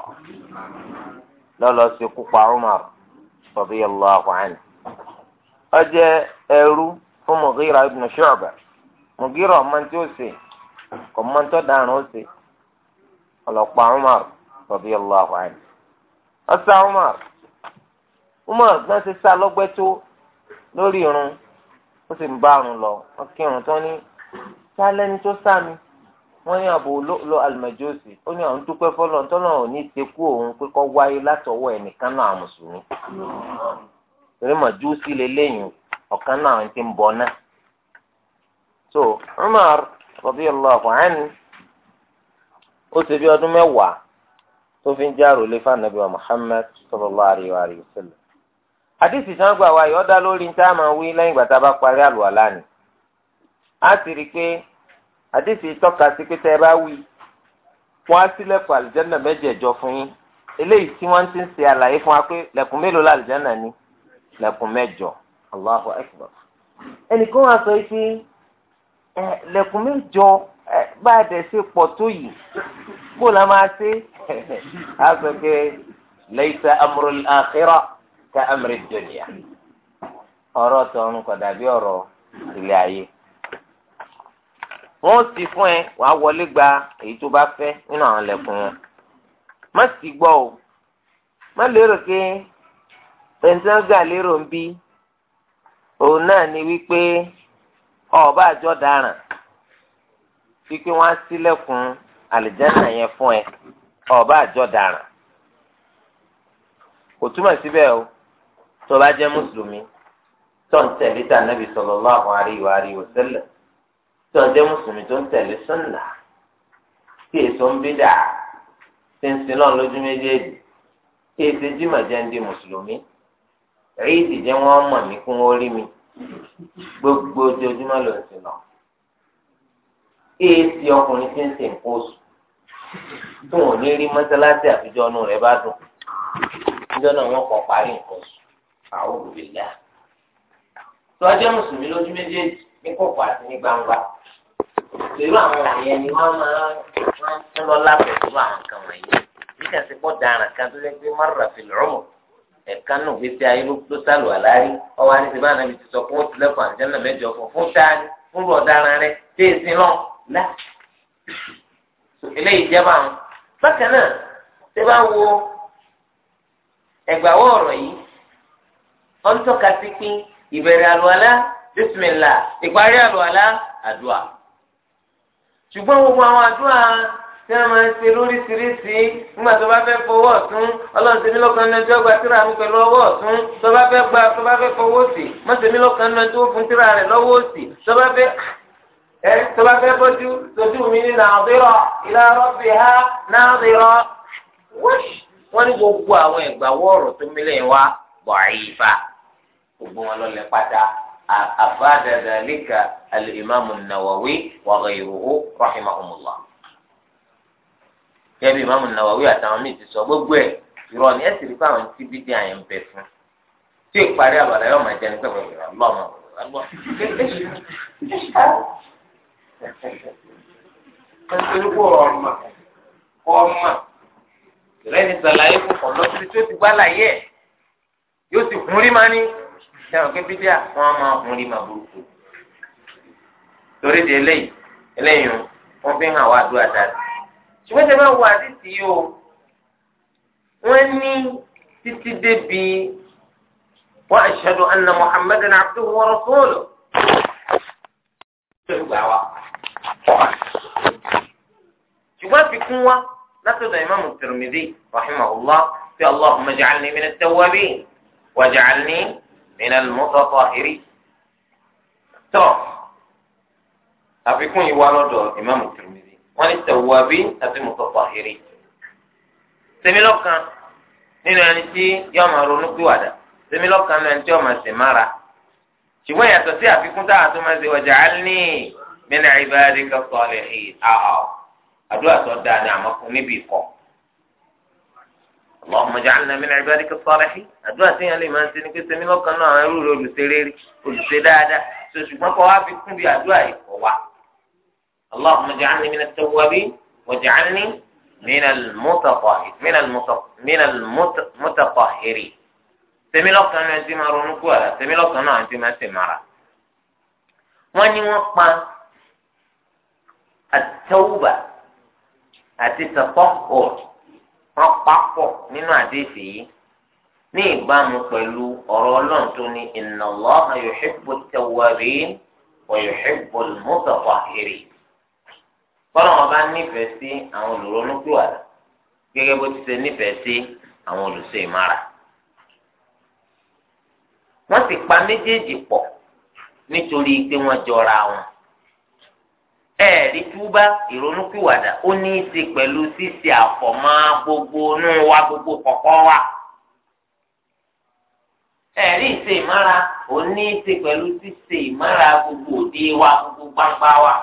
lọ́lọ́ sí kúpa Umar radiyallahu anhu. ọjẹ ẹrú fún ọmọ tí ó ṣe ọmọ tó dànù ó ṣe ọlọpàá Umar radiyallahu anhu ọsà Umar Umar náà ti sá lọgbẹ tó lórí irun ó sì ń bá lọ wọn kí irun tó ní tó wọn ní ó ní àwọn fọlọ ò ní òun pé wáyé torí màjúsí lélẹ́yìn ọ̀kan náà ti ń bọ̀ náà. so Umar radiyallahu anhu ó ṣe bí ọdún mẹ́wàá tó fi ń járò lé fànàbí wa Muhammad sallallahu alayhi wa sallam. àdìsí sangba wa yọ dá lórí níta máa wí lẹ́yìn ìgbà tá a bá parí àlùwàlá ni. a ti rí i pé àdìsí tọ́ka sí pé tẹ́ ẹ bá wí wọ́n á sílẹ̀kùn àlùjànnà mẹ́jẹ̀ẹ̀jọ fún yín eléyìí tí wọ́n ti ń ṣe àlàyé fún wa pé lẹ̀kùn mélòó làlùjànnà ni. lẹ́kùn mẹ́jọ Allahu Akbar ẹnìkan wá sọ pé lẹ́kùn mẹ́jọ bá a dẹ̀ ṣe pọ̀ tó yìí kó la máa ṣe á sọ pé laysa amrul akhirah ka amri dunya ọ̀rọ̀ tọ̀run kò dàbí ọ̀rọ̀ ilé ayé wọ́n ti fún ẹ wàá wọlé gba èyí tó bá fẹ́ nínú àwọn lẹ́kùn wọn o má lérò pé. ẹnìtàn gà lérò ń bí òun náà ni wípé ọba àjọ dáràn wípé wọn á ṣílẹ̀kùn àlìjáná yẹn fún ẹ ọba àjọ dáràn kò túmọ̀ síbẹ̀ o tó bá jẹ́ mùsùlùmí tó ń tẹ̀lé tà nàbì sallallahu alaihi wa alihi wa tó ń jẹ́ mùsùlùmí tó ń tẹ̀lé si èso ń bí dà ṣe ń sin náà lójú méjèèjì jìmọ̀ jẹ́ ń mùsùlùmí. èyí jẹ́ wọ́n mọ̀ mí kún orí mi gbogbo ojoojúmọ́ ló ń sìn lọ. èsì ọkùnrin ti ń sìn kó sùn tó wọn ní rí mọ́sálásí àfijọ́ ọ̀nù rẹ̀ bá dùn níjọ́ náà wọ́n kọ́ parí nǹkan sùn àwọn olùdíyà. tó ajẹ́ mùsùlùmí lójú méjèèjì ní kọ̀kọ̀ àti ní gbangba pẹ̀lú àwọn ìyẹn ni wọ́n máa ń lọ lábẹ́ pẹ̀lú àwọn kan wọ̀nyí nígbà tí kò kan tó lẹ́gbẹ́ mọ́rọ̀ fi lọ́rùn ẹ̀ka náà gbèsè ayé ló sálù àlárí ọwọ́ àti ìbára mi ti sọ fún ó tilẹ̀kùn àjẹ́nà mẹ́jọ fún fún táàní fún ọ̀daràn rẹ tí èsì náà lá. eléyìí jẹ́ báwọn. bákan náà ṣé bá wo ẹ̀gbàwọ́ ọ̀rọ̀ yìí wọ́n tọ́ka sí pé ìbẹ̀rẹ̀ àlùwàlá bísímìlà ìparí àlùwàlá àdúà. ṣùgbọ́n gbogbo àwọn àdúà tí wọ́n máa ń ṣe lóríṣiríṣi nígbà tó bá fẹ́ fọwọ́ ọ̀tún ọlọ́run ṣe mí lọ́kàn náà jọ́ gba tíra mi pẹ̀lú ọwọ́ ọ̀tún tó bá fẹ́ gba tó bá fẹ́ fọwọ́ sí mọ́ ṣe mí lọ́kàn náà tó fún tíra rẹ̀ lọ́wọ́ òsì tó bá fẹ́ ẹ tó bá fẹ́ bójú tójú mi ní nàdírọ̀ ìlàrọ̀ fi há nàdírọ̀ wọ́n ní gbogbo àwọn ìgbà wọ́ọ̀rọ̀ tó mílẹ̀ wá bọ̀ àyífa kẹ́bí ìmáàmù Nawawi àtàwọn míì ti sọ gbogbo ẹ̀ ìrọ̀ ni ẹ sì rí fáwọn tí bídí àyẹ̀ ń bẹ fún tí ìparí àbàlẹ̀ yóò máa jẹun pẹ̀lú ìrọ̀ lọ́mọ. nítorí kó ọmọ ọmọ ìrẹ́ni sàlàyé fún ọ̀lọ́sí tó ti gbá láyé yóò sì hun rí máa ní sẹ́wọ̀n pé bídí àwọn máa hun rí máa burúkú torí di eléyìí eléyìí wọ́n fi hàn wá dúró àdáyé. ṣùgbọ́n tẹ bá wo ti yìí o wọ́n ní títí débi wọ́n ashhadu anna muhammed muhammadan abduhu wa rasuluhu. ṣùgbọ́n fi kún wa látọ̀dọ̀ ìmáàmù tìrìmìdì rahimahullah fi allah ma ja'alni min at-tawwabin wa ja'alni min al-mutatahhirin. tọ́ àfikún yìí wá lọ́dọ̀ ìmáàmù tìrìmìdì. wọ́n ní tẹ̀wábí àti mùtọ̀fàhìrì. sẹ́mílọ́kan nínú ẹni tí yóò máa ronú pìwàdà sẹ́mílọ́kan nínú ẹni tí yóò máa sè mára. ṣùgbọ́n yàtọ̀ sí àfikún táwọn tó máa ṣe wọ̀jà á ní min ibadika salihin àhà àdúrà tó dáa ní àmọ́kùn níbi àdúrà yẹn lè máa ń ṣe ni pé náà ẹrú olùṣe dáadáa ṣùgbọ́n kọ́ wá fi kún bí àdúrà wá. اللهم اجعلني من التوابين واجعلني من المتطهر من المت من المتطهرين tèmi lọ́kàn náà ti máa ronú kú ara tèmi lọ́kàn náà ti máa ṣe mara wọ́n ní wọ́n pa àtẹwùbà àti tẹpọpọ wọ́n papọ̀ nínú àdéhìí yìí ní ìbámu pẹ̀lú ọ̀rọ̀ Ọlọ́run tó ní inna Allaha yuhibbu at-tawwabin wa yuhibbu al-mutatahhirin. kọ́nà ọba bá nífẹ̀ẹ́ sí àwọn gege gẹ́gẹ́ bó ti ṣe nífẹ̀ẹ́ sí àwọn olùṣe ìmára. wọ́n ti pa méjèèjì pọ̀ nítorí pé wọ́n jọra wọn. ẹ̀ẹ́dì túbá ìrònúpìwàdà ó ní í ṣe pẹ̀lú ṣíṣe àfọ̀mọ́ gbogbo inú wa gbogbo kọ̀kọ́ wa. ẹ̀ẹ́dì ìṣe ìmára ó ní í ṣe pẹ̀lú gbogbo òde wa gbogbo gbangba wa.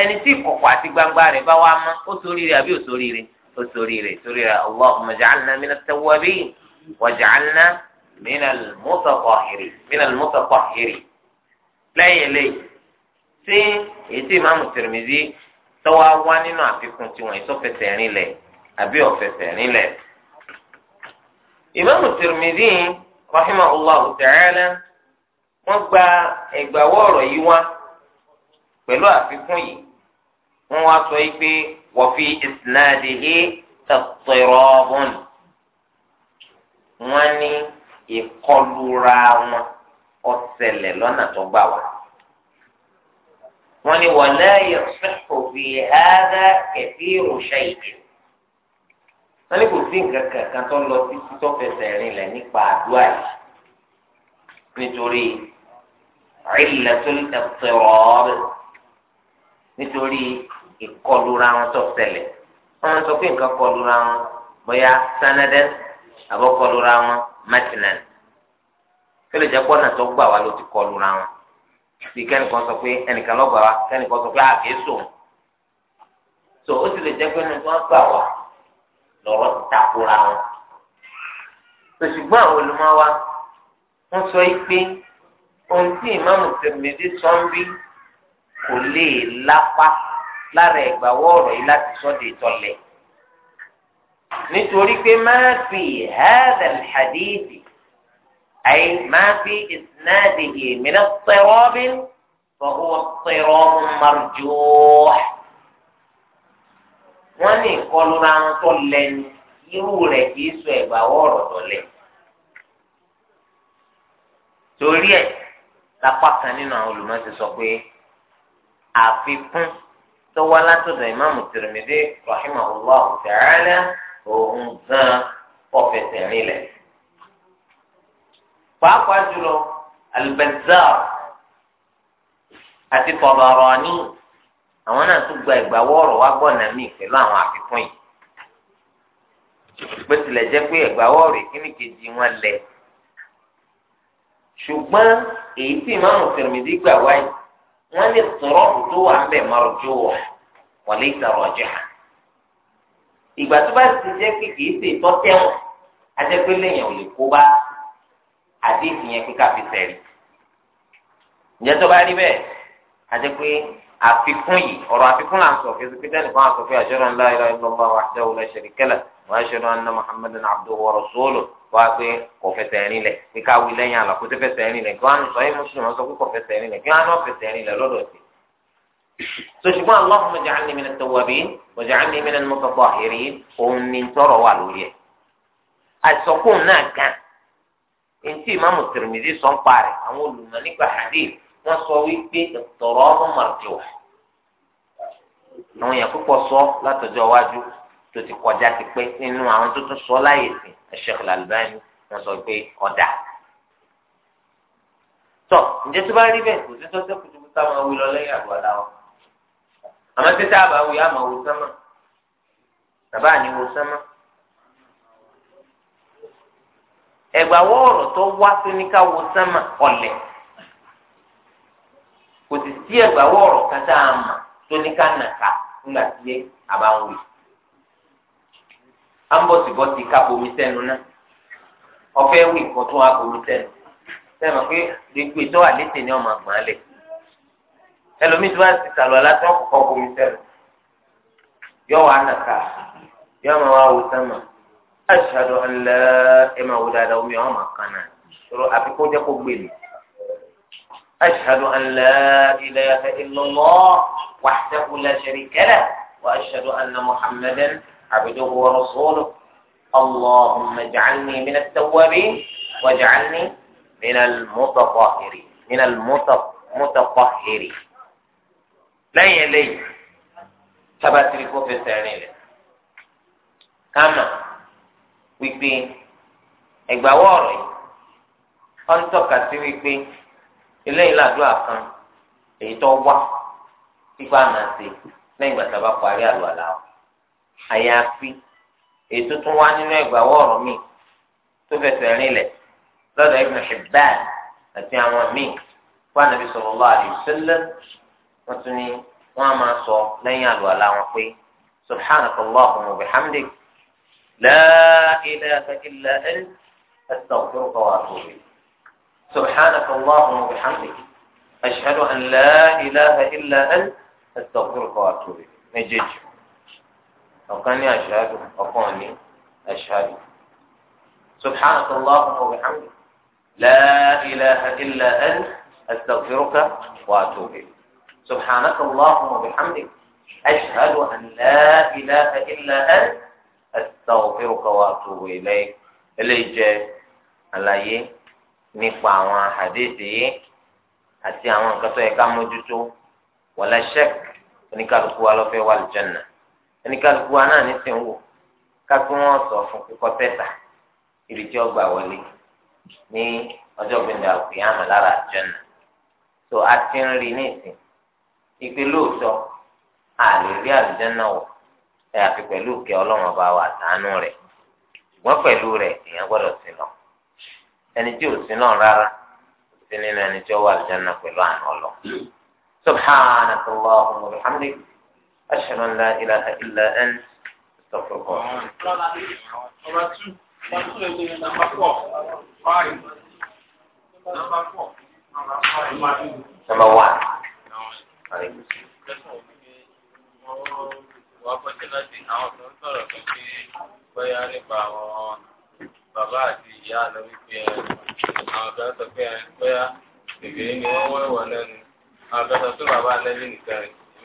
ẹni tí ìkọ̀kọ̀ àti gbangba rẹ̀ bá wá mọ́ ó sórí rẹ̀ àbí ó sórí rẹ̀ ó sórí rẹ̀ sórí rẹ̀ Allahumma ja'alna minat tawwabin wa ja'alna minal mutatahhirin minal mutatahhirin lẹ́yìn lẹ́yìn tí èyí tí ìmáàmù Tirmidhi tọ́wọ́ wá nínú àfikún tiwọn ìsọfẹsẹ̀ rìn lẹ̀ àbí ọ̀fẹsẹ̀ rìn lẹ̀. ìmáàmù Tirmidhi rahimahullahu ta'ala wọ́n gba ẹ̀gbàwọ́ ọ̀rọ̀ yìí wá pẹ̀lú àfikún yìí wọn wá sọ yìí pé wọ́fí ìsìnàdìhí tẹ̀tẹ̀rọ̀bùn wọn ní ìkọlura wọn ọ̀sẹ̀lẹ̀ lọ́nà tó gbà wá. wọn ní wọlé ìsìnkò fi hádà kẹfì ròṣà ìdè wọn ní kò sí nǹkan kankan tó lọ títí tó fẹsẹ̀ rinlẹ̀ nípa àdúrà yìí nítorí ìlẹ̀ tó ń tẹ̀tẹ̀rọ̀bùn nítorí ìkọlura wọn tó ṣẹlẹ̀ wọn sọ pé nǹkan kọlura wọn bóyá sanadan àbọ̀ kọlura wọn mẹtinan kí ló jẹ́ pọ́ náà tó gbà wá ló ti kọlura wọn bí kẹ́nìkan sọ pé ẹnìkan lọ́gbà wá kẹ́nìkan sọ pé àkè sùn tó ó sì lè jẹ́ pé nígbà gbà wá lọ́rọ́ takora wọn tòṣùgbọ́n àwọn olùmọ̀ wọ́n sọ yìí pé ohun tí ìmáàmù tẹ̀mẹ́dé sọ́ńbí kò lè lápá lára ẹ̀gbà wọ́ọ̀rọ̀ yìí láti sọ́dẹ̀ tọ́lẹ̀ nítorí pé máa fi hàdà hadithi àyè máa fi ìsìnàdìhì mìíràn sẹ́rọ́bì fọwọ́ sẹ́rọ́bù marjuh wọ́n ní ìkọlùra ń tọ́lẹ̀ irú rẹ̀ kìí sọ ẹ̀gbà wọ́ọ̀rọ̀ tọ́lẹ̀ torí ẹ̀ lápá kan nínú àwọn olùmọ̀ ti sọ pé àfikún tọ́wọ́ látọ̀dọ̀ ìmáàmù Tirmidhi rahimahullah ta'ala òun gan ọ̀fẹ̀sẹ̀ rinlẹ̀. pàápàá jùlọ Al-Bazzar àti Tabarani àwọn náà tún gba ìgbàwọ́ ọ̀rọ̀ wá gbọ́ nàmí pẹ̀lú àwọn àfikún yìí bó tilẹ̀ jẹ́ pé ìgbàwọ́ ọ̀rọ̀ ìkíni kejì wọn lẹ̀ ṣùgbọ́n èyí tí ìmáàmù Tirmidhi gbà wáyìí wọ́n lè tọrọ tó wà ń bẹ̀ mọ́rọ́jú wọ̀ wọ́n lè tọrọ ọjà. ìgbà tó bá ti jẹ́ pé kìí ṣe ìtọ́ tẹ̀wọ̀n ajẹ́pẹ́ lẹ́yìn ò lè kó bá àdéhùn yẹn pé káfí sẹ́rí. ǹjẹ́ tó bá rí bẹ́ẹ̀ ajẹ́pẹ́ àfikún yìí ọ̀rọ̀ àfikún là ń sọ fún ẹsẹ̀ nìkan àsọ̀fẹ́ àṣẹ́rọ̀ ńlá ìlà ìlọ́gbà wàhálà ìṣẹ̀lẹ̀ kẹlẹ̀ wàhálà ìṣẹ̀lẹ̀ wá pé kò fẹsẹ̀ rìn lẹ̀ pé ká wí lẹ́yìn àlọ́ kó tó fẹsẹ̀ rìn lẹ̀ kí wọ́n á sọ yín mùsùlùmí sọ pé kò fẹsẹ̀ rìn lẹ̀ kí wọ́n á náà fẹsẹ̀ rìn lẹ̀ lọ́dọ̀ sí. so ṣùgbọ́n Allahumma ij'alni mina at-tawwabin waj'alni mina al-mutatahhirin òun ni tọrọ wà lórí ẹ̀. àìsọkùn náà kan ntí ìmáàmù Tirmidhi sọ ń parẹ́ àwọn olùmọ̀ tó ti kọjá ti pé nínú àwọn tó tún sọ láyè sí Sheikh Al-Albani wọn sọ pé ọ̀dà. tọ́ ǹjẹ́ tó bá rí bẹ́ẹ̀ kò sí tọ́sẹ̀ kùtùkù táwọn awi lọ lẹ́yìn àgbàlá wa àmọ́ títí àbá awi àmọ́ wo sánmà bàbá àní wo sánmà. ẹ̀gbà wọ́ọ̀rọ̀ tó wá tó ní ká wo sánmà ọ̀lẹ̀ kò sì sí ẹ̀gbà wọ́ọ̀rọ̀ kan tá a mà tó ní ká nàka ńgbà tí àbá ń wí ambọ̀sibọ́sì ká bomi sẹ́nu náà ọ̀fẹ́ wí nǹkan tó wá bomi sẹ́nu sẹ́nu pé gbogbo ìtọ́ àlétè ni ọmọ àgbọ̀n alẹ̀ ẹlòmíì tó bá ti sàlọ̀ alásán kọ̀kọ́ bomi sẹ́nu yọ wà nàka yọ ọmọ wa wò sẹ́nu aṣáájú ẹ̀lẹ́ ẹ̀ máa wò dáadáa omi ọmọ kan náà ṣòro àfikún jẹ́ kó gbé mi aṣáájú ẹ̀lẹ́ ilẹ̀ ẹ̀ lọ́wọ́ wàṣẹ́ kúlẹ̀ ṣẹ̀rí kẹ́lẹ̀ wàṣẹ́ عبده ورسوله اللهم اجعلني من التوابين واجعلني من المتطهرين من المتطهرين لي لي تباتري كوفي سعرين كما wípé ẹgbàwọ ọ̀rọ̀ yìí wọn tọ́ka sí wípé eléyìí làdúrà kan èyí tó wá fífa àná sí lẹ́yìn ìgbà tá a bá parí àlọ àlàó àyàfi ètò tó wá nínú ẹgbàá wọ̀ọ̀rọ̀ mi tó fẹsẹ̀ rinlẹ̀ lọ́dọ̀ Ibn Hibban àti àwọn míì fún Ànábì sallallahu alaihi wasallam wọ́n tún ní wọ́n á máa sọ lẹ́yìn àlùwàlá wọn pé subhanaka Allahumma wa bihamdik la ilaha illa anta astaghfiruka wa atubu subhanaka Allahumma wa bihamdik ashhadu an la ilaha illa anta astaghfiruka wa atubu méjèèjì. ọ̀kan ní ashhadu ọ̀kan ní ashhadu subhanaka allahumma wa bihamdika la ilaha illa anta astaghfiruka wa atubu ilayk subhanaka allahumma wa bihamdika ashhadu an la ilaha illa anta astaghfiruka wa atubu ilayk eléyìí jẹ́ àlàyé nípa àwọn àdéhìí àti àwọn nǹkan tó yẹ ká mójútó wala shakk oníkàlùkù wa ló fẹ́ wà lùjánà. ẹnìkàlùkù wa náà nísìnyí wò kápẹ́ wọn sọ fún kíkọ́ ji ọgba ọgbà wọlé ní ọjọ́ gbẹ̀ndà òkè àmà tó a ti ń rí nísìn ìpè lóòótọ́ a lè rí wọ̀ ẹ̀ àfi pẹ̀lú òkè ọlọ́run ọba wa àtàánú rẹ̀ ṣùgbọ́n pẹ̀lú rẹ̀ èèyàn gbọ́dọ̀ sí lọ ẹni tí ò sí náà rárá kò sí nínú ẹni tí ó wà pẹ̀lú àná wa أشهد أن لا إله إلا أنت استغفرك Number one. Wọ́n fọ́ sí láti àwọn tó ń sọ̀rọ̀ pé kí bóyá nípa àwọn bàbá àti ìyá lọ wípé àwọn ọ̀gá sọ pé bóyá bèbè ni wọ́n wọ́n wọ̀ lẹ́nu. Àwọn ọ̀gá sọ pé bàbá lẹ́nu nìkan rẹ̀.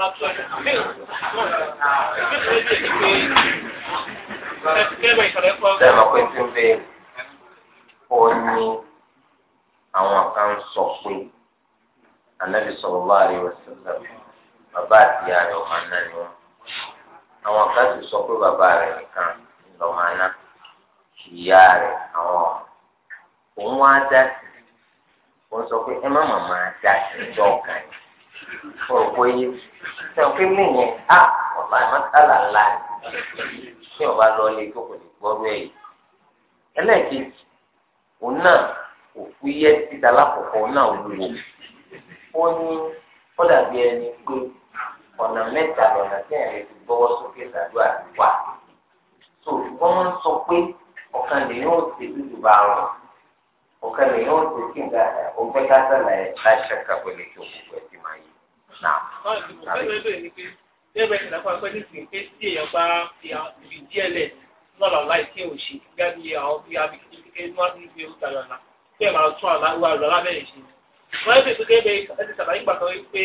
sẹ́mi pé tí ń bẹ ó ní àwọn kan sọ pé anabi sallallahu alaihi wasallam bàbá àti ìyá rẹ̀ ọmọ ni àwọn kan sì sọ pé bàbá rẹ̀ nìkan ìyá rẹ̀ àwọn òun wá dá sí òpó yé sẹ́wọ́n kí ní yẹn á ọ̀la ìmọ̀tálà ńlá ni tí ọba lọ lé tó kò ní gbọ́rú ẹ̀ yìí ẹlẹ́ẹ̀kejì òun náà òkú yẹ títa lákòókò náà olùwò ó ní ó dàbí ẹni pé ọ̀nà mẹ́ta lọ́nà tí ẹ̀rẹ́ ti gbọ́wọ́ sókè sàdúrà wà tó wọ́n ń sọ pé ọ̀kan lè yóò ṣe dúdú bá wọn ọ̀kan lè yóò ṣe kí n gbà ọgbẹ́ ká sàlàyé láṣẹ kàpẹ́lẹ́ tó gbogbo ẹ̀ ti máa yẹ náà. báyìí ló lè ní pé lẹ́gbẹ̀ẹ́ ìṣẹ̀lẹ̀ fún ẹgbẹ́ nísìnyí pé tí èèyàn bá fi ibi díẹ̀ lẹ̀ lọ́la láì tí ò ṣe gẹ́gẹ́ bí àwọn bí abikí kékeré ní wọ́n fi ewu tayọ̀ náà kí ẹ̀ máa tún àláwọ̀ àlọ́ lábẹ́rẹ́ ṣe. wọ́n yẹ kí ẹgbẹ́ ẹsẹ̀ ṣàlàyé gbàgbọ́ pé tí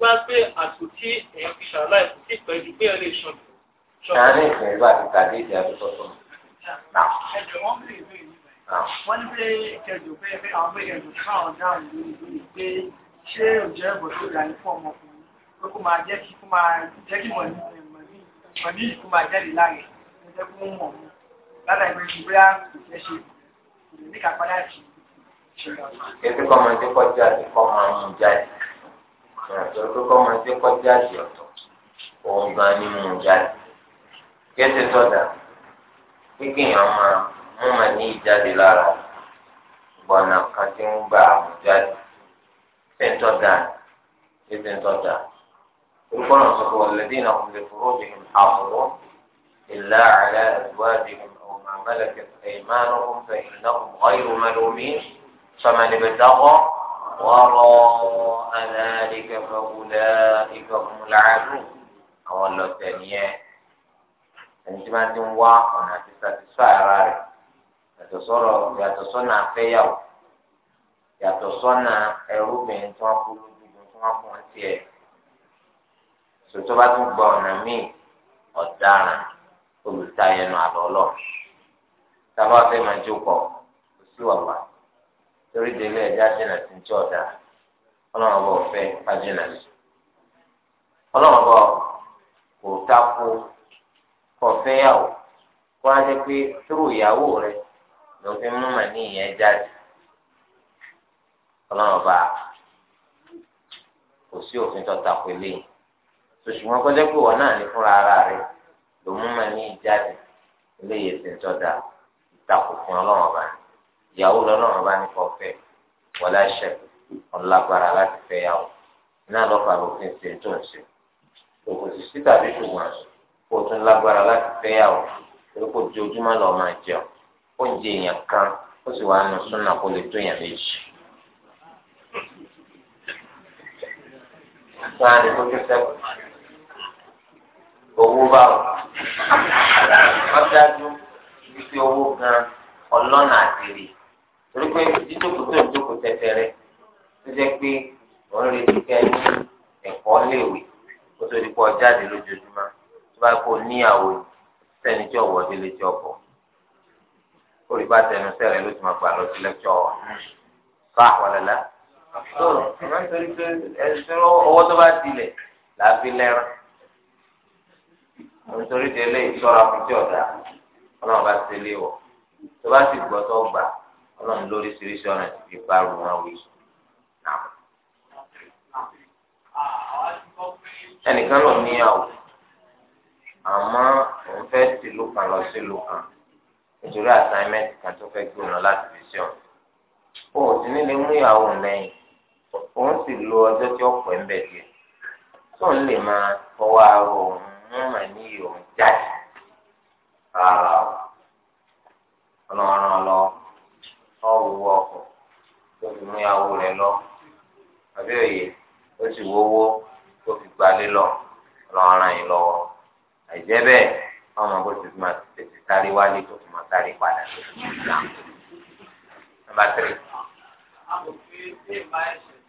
wọ́n pé àtò tí èèyàn fi ṣàlàyé kò tí ì pẹ́ ju pé ẹ lè ṣan. ṣáàrin ní pé ṣé òjẹ́ ìbòjú ìlà ní fún ọmọkùnrin pé kó máa jẹ́ kí kó máa jẹ́ kí mọ̀ ní mọ̀ ní kó máa jáde láàyè kó jẹ́ kó mọ̀ mọ́ ládàá ìgbé ju bóyá kò fẹ́ ṣe kò lè ní kápá láti ṣẹlẹ̀ ọ̀sán. ètò kọ́ máa ń dékọ́ jáde kọ́ máa ń mú jáde ìrìnàjò tó kọ́ máa ń dékọ́ jáde ọ̀tọ̀ òun gan ni mú jáde gẹ́sẹ̀ tọ́jà kékeré máa mú ní ìjáde lára ìgbọ̀nà kan tí ń gbà mú fẹ́ntọ́ dáa ṣe fẹ́ntọ́ dáa orúkọ náà sọ pé ọ̀lẹ́dínà kò lè fọwọ́ bí i àbúrò ìlà àlẹ́ àdúrádì ọ̀mà mẹ́lẹ̀kẹ́ ẹ̀yìnmánu ń fẹ́ ìlànà ọ̀yọ̀ mẹ́lómi sọmọdébẹ̀dàkọ́ wọ́rọ̀ alárìkẹ́ fẹ́kulẹ̀ ìfẹ́kùnmùlàánú àwọn lọ́tẹ̀ nìyẹn ẹni tí wọ́n ti ń wá ọ̀nà àti satisfy ara rẹ̀ yàtọ̀ sọ́nà àfẹ́yàwó. yàtọ̀ sọ́nà ẹrúbìnrin tí wọ́n kú lójú tí wọ́n fún tiẹ̀ bá tún gba ọ̀nà míì ọ̀daràn olùtayẹnu àlọ́lọ́ tábà fẹ́ máa jókòó kò sí wàhálà torí délé ẹ̀dá jìnnà sí ti ọ̀dà ọlọ́run ọba ọ̀fẹ́ fájìnnà sí ọlọ́run ọba kò ọlọ́run ọba kò sí òfin tó takò eléyìí sòṣùwọ́n kọjá pé wọn náà ní fúnra ara rẹ ló mú mà ní ìjáde eléyìí èsì ń tọ́da ìtakò fún ọlọ́run ọba ni ìyàwó lọ́lọ́run ọba ní kò fẹ́ wọlé àṣẹ ọ̀làgbára láti fẹ́ yàwó náà lọ́fà lófin ṣe tó ń ṣe òkò sì sí tàbí ṣùgbọ́n kó o tún lágbára láti fẹ́ yàwó torí kò ojoojúmọ́ lọ́ọ́ máa jẹun ó ń jẹ èèyàn kan ó sì wá nu súnà san rẹ̀ tó fi sẹ́kù. Owó bá wọ̀. Wọ́n dájú wípé owó gan ọlọ́nà àtìrì. Torí pé jíjókòó tó ń jókòó tẹ́tẹ́rẹ́ tó jẹ́ pé wọ́n retí kẹ́ ní ẹ̀kọ́ léèwé kó tó di pọ̀ jáde lójoojúmọ́. Tó bá kó níyàwó sẹ́ni tí ọ̀wọ́ délé tí ọ̀bọ̀. Olùbátẹnusẹ́ rẹ̀ ló ti máa gbà lọ sí lẹ́kṣọ̀ wa. Sọ àwọn ọ̀lẹ́lá tó nítorí pé ẹsẹ owó tó bá tilẹ̀ làá fi lẹ́rán nítorí tẹ́lẹ̀ ìṣọ́ra fún tí ọ̀dà ọlọ́run bá ti lé wọ̀ tó bá sì gbọ́ tó gbà ọlọ́run lórí ṣiríṣi ọ̀nà ti fi bá rù wọn wí. ẹnìkan ló níyàwó àmọ́ òun fẹ́ tìlú kan lọ sílùú kan nítorí assignment kan tó fẹ́ gbóná láti fi ṣe ọ̀hún. o ò sì mú ìyàwó lẹ́yìn òun sì lo ọjọ́ tí ó pẹ́ ń bẹ̀ díẹ̀ tó ń lè máa fọwọ́ aró òun mú mà ní òun jáde rárá o ọlọ́run lọ ọ̀wọ́ ọkọ̀ tó fi mú ìyàwó rẹ̀ lọ àbí òye ó sì wọ́wọ́ tó fi gbalé lọ ọlọ́run yìí lọ́wọ́ àìjẹ́ bẹ́ẹ̀ ọmọ bó ti máa tètè sáré wálé tó fi máa sáré padà sí ìlànà. Number three.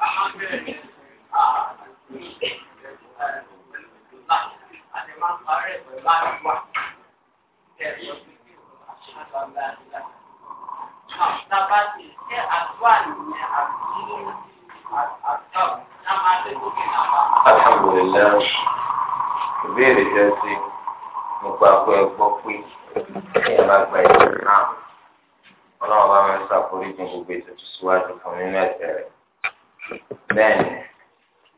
alhamdulilayi ìbéèrè jẹ sí nípa pé ẹ gbọ́ pé kí ẹ bá gba ìlú náà ọlọ́run bá máa ń gbogbo ètò tó fún nínú ẹ̀ṣẹ̀ rẹ̀ bẹ́ẹ̀ni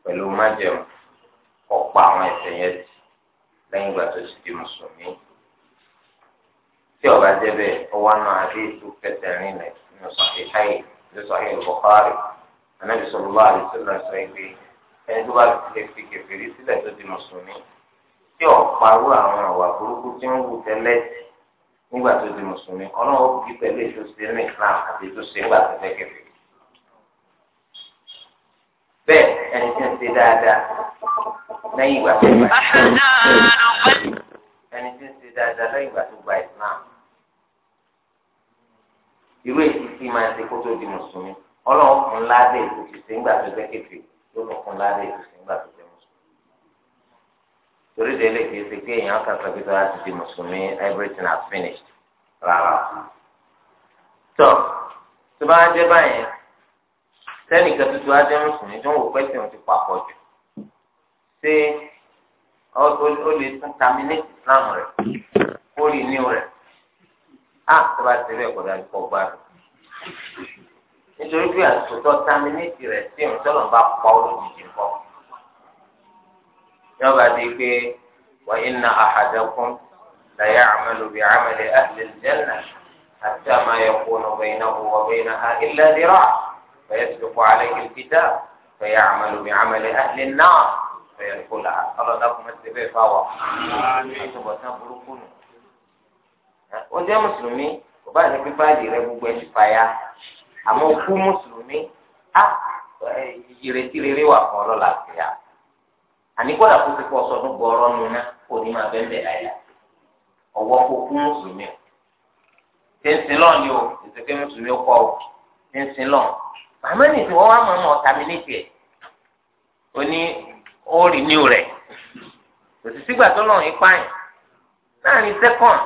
pẹ̀lú májẹ̀mú ọ̀pọ̀ àwọn ẹ̀ṣẹ̀ yẹn ti lẹ́yìn ìgbà tó ti di mùsùlùmí tí ọba jẹ́ bẹ́ẹ̀ ó wá náà dé ìlú pẹtẹrin rẹ nínú sàkéháì ní sàkéháì bọkárì anábì sọlọ bá àdìsọlá sọ ẹgbẹ́ ẹni tó bá ti fi kẹfìrí sílẹ̀ tó di mùsùlùmí tí ọ̀parú àwọn àwà burúkú tí ń wù tẹ́lẹ̀ nígbà tó di mùsùlùmí ọlọ́run ó kí pẹ̀lú ètò sí ní islam àti ètò sí nígbà bẹ́ẹ̀ ẹni tí ń ṣe dáadáa lẹ́yìn ìgbà tó gba ìsìlámù ẹni tí ń ṣe dáadáa lẹ́yìn ìgbà tó gba ìsìlámù irú èyí tí máa ń ṣe kó tó di mùsùlùmí ọlọ́run fún ládé ètò ti ṣe ńgbà tó jẹ́ kéfì lọ́nà fún ládé ètò ṣe ńgbà tó jẹ́ mùsùlùmí torí délé kì ṣe pé èèyàn kan sọ pé tó láti di mùsùlùmí everything has finished rárá tó tó bá ń jẹ́ báyẹn sẹ́nìkan tuntun á jẹ́ mùsùlùmí tó ń wò pẹ́sì òun ti papọ̀ jù ṣé ó lè tún terminate islam rẹ̀ kó rí inú rẹ̀ á tó bá ti rí ẹ̀kọ́ dájú kọ́ rẹ̀ nítorí pé àtúntò terminate rẹ̀ tí òun tọ́lọ̀ bá pa olójijì kọ́ yọba di pé wà inna ahadakum la ya'malu bi 'amali ahli al-jannah hatta ma yakunu baynahu wa baynaha illa فيسبق عليه الكتاب فيعمل بعمل أهل النار فيدخلها قال لكم السبيل فهو وجاء مسلمين وبعد ببالي ربو بشفايا àmọ́ kú mùsùlùmí á ìrètí rere wà fún ọlọ́la àgbéyà àní kódà mùsùlùmí ni mùsùlùmí o àmọ́ ní ìsìn wọ́n wá mọ̀ ọ́ tàmínétì ní ó rẹ̀ kò sì sígbà tó lọ́rùn ipá yẹn láàrin sẹ́kọ̀n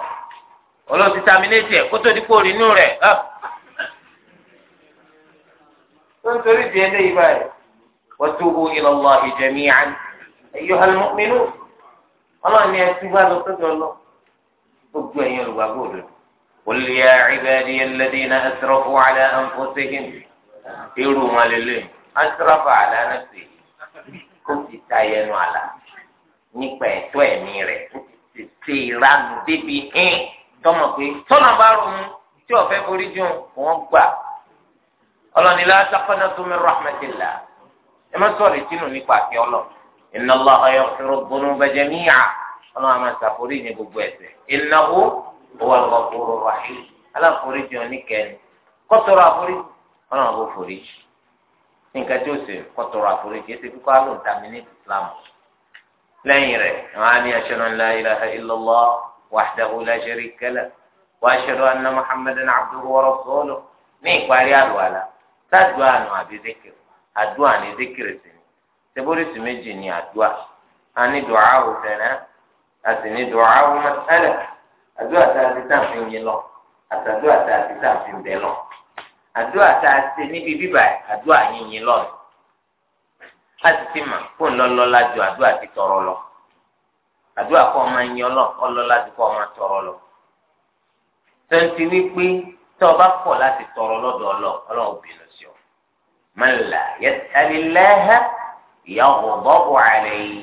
ọlọ́run ti ẹ̀ kó tó di rẹ̀ tó ah. ń torí di ẹlẹ́yìí báyìí watubu ila Allahi jami'an ayyuhal mu'minun ọlọ́run ni ẹ ti lọ sọ́dọ̀ lọ gbogbo irú wọn lélẹ̀ asrafa ala nafsi kó ti ta ẹnu àlà nípa ẹ̀tọ́ ẹ̀mí rẹ̀ ó ti ṣe ìranù débi hín tọmọ pé tọ́nà bá rò mú tí ọ̀fẹ́ forí jùn wọ́n gbà ọlọ́ni la taqnatu min rahmatillah ẹ má sọ̀rọ̀ ìtinú nípa àti ọlọ́ inna Allaha yaghfiru dhunuba jami'a ọlọ́run àmà ṣàforí ní gbogbo ẹ̀ṣẹ̀ innahu huwal ghafurur rahim aláforí jùn oníkẹ́ni kọ́sọ̀rọ̀ àforíjì ọlọ́run àbò foríjì nǹkan tí ó sì kọ́tọ̀rọ̀ àforíjì ètò kíkọ́ àlùn tàbí ní islam lẹ́yìn rẹ̀ àwọn àmì ashhadu an la ilaha illallah wahdahu la sharika lah wa ashhadu anna muhammadan abduhu wa rasuluhu ní ìparí àlùwàlà sádùá àná àbí zikiri àdúà ní zikiri sí ni sẹ́bórìsì méjì ní àdúà a ní dùá òfẹ́rẹ́ a sì ní dùá òmọ́sálẹ̀ àdúà tá a ti tàfin yín lọ àtàdúà tá a ti tàfin bẹ́ẹ̀ lọ àdúrà tá a ṣe níbi bíbà àdúrà yìnyín lọ́rẹ̀ a sì ti mà kó ńlọ́lọ́lá ju àdúrà ti tọrọ lọ àdúrà kọ́ ọmọ yín ọlọ́lá ju kọ́ ọmọ tọrọ lọ tẹ̀sí wípé tọ́ ọ bá pọ̀ láti tọrọ lọ́dọ̀ ọlọ́ ọlọ́run bínú sí ọ man la yas'alillaha yaghdabu alayhi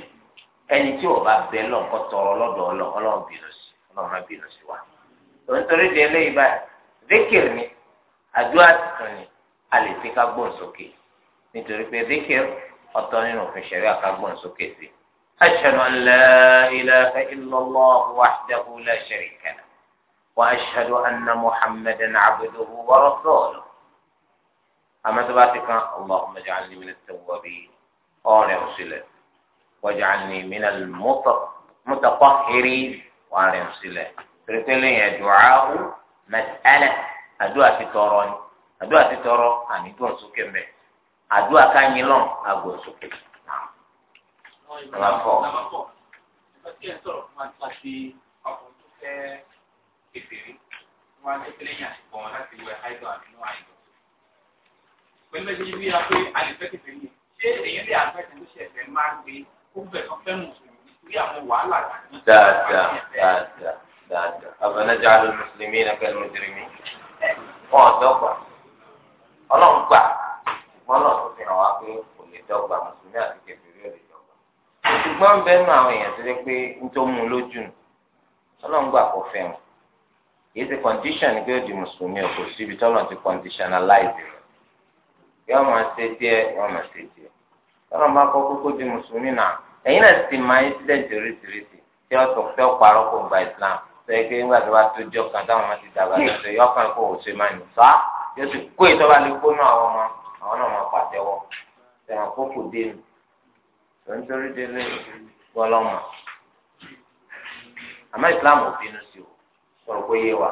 ẹni tí ò bá bẹ lọ́kọ́ tọrọ lọ́dọ̀ ọlọ́ ọlọ́run bínú sí ọlọ́run bínú sí wa. tòun torí di eléyìí báyìí zikir ni àdúrà tuntun ni a lè fi ká gbóhùn sókè nítorí pé zikir ọ̀tọ̀ nínú òfin ṣẹ̀rí àká gbóhùn sókè sí. أشهد أن لا إله إلا الله وحده لا شريك له وأشهد أن محمدا عبده ورسوله أما تباتك اللهم اجعلني من التوابين أولي رسله واجعلني من المتطهرين وأولي رسله تركلي دعاء مسألة àdúrà ti tọrọ ni àdúrà ti tọrọ àní gbọ̀n sókè mẹ́ àdúrà ká yín lọ́n àgbọ̀n sókè. Àlàfọ̀. Pẹ̀lú ẹgbẹ́ bí a pé alìfẹ́ kẹfẹ́ yìí, ṣé èyí lè àgbẹ̀ tẹ̀lé ṣẹ̀fẹ̀ máa ń gbé kó bẹ̀ tó fẹ́ mùsùlùmí torí àwọn wàhálà kan. Dáadáa dáadáa dáadáa. Àbẹ̀nẹ́jà ló mùsùlùmí náà kẹ́lẹ́ mùsùlùmí. wọn ọdọgba Ọlọ́run gbà ṣùgbọ́n náà tó fi pé kò lè dọ́gba mùsùlùmí àti kẹfìrí ò lè dọ́gba ṣùgbọ́n bẹ́ẹ̀ nù àwọn èèyàn tó dé pé ń tó mú un lójú nù fẹ́ wọn ti condition ni pé ó di mùsùlùmí ò kò síbi tọ́lọ̀ ti conditionalize rẹ̀ bí wọ́n máa ṣe díẹ̀ wọ́n máa ṣe díẹ̀ tọ́lọ̀ Islam sọ pé ńgbà tó bá tó jọ kan táwọn máa ti dàgbà tó sọ yọ kàn kó o ṣe máa yìn sá yóò sì kó ètò bá lè kó náà àwọn ọmọ àwọn náà máa pàtẹ́wọ́ tẹ̀wọ̀n kó kò dé nu tó ń torí délé gbọ́lọ́mọ àmọ́ Islam ò bínú sí o sọ̀rọ̀ pé yé wa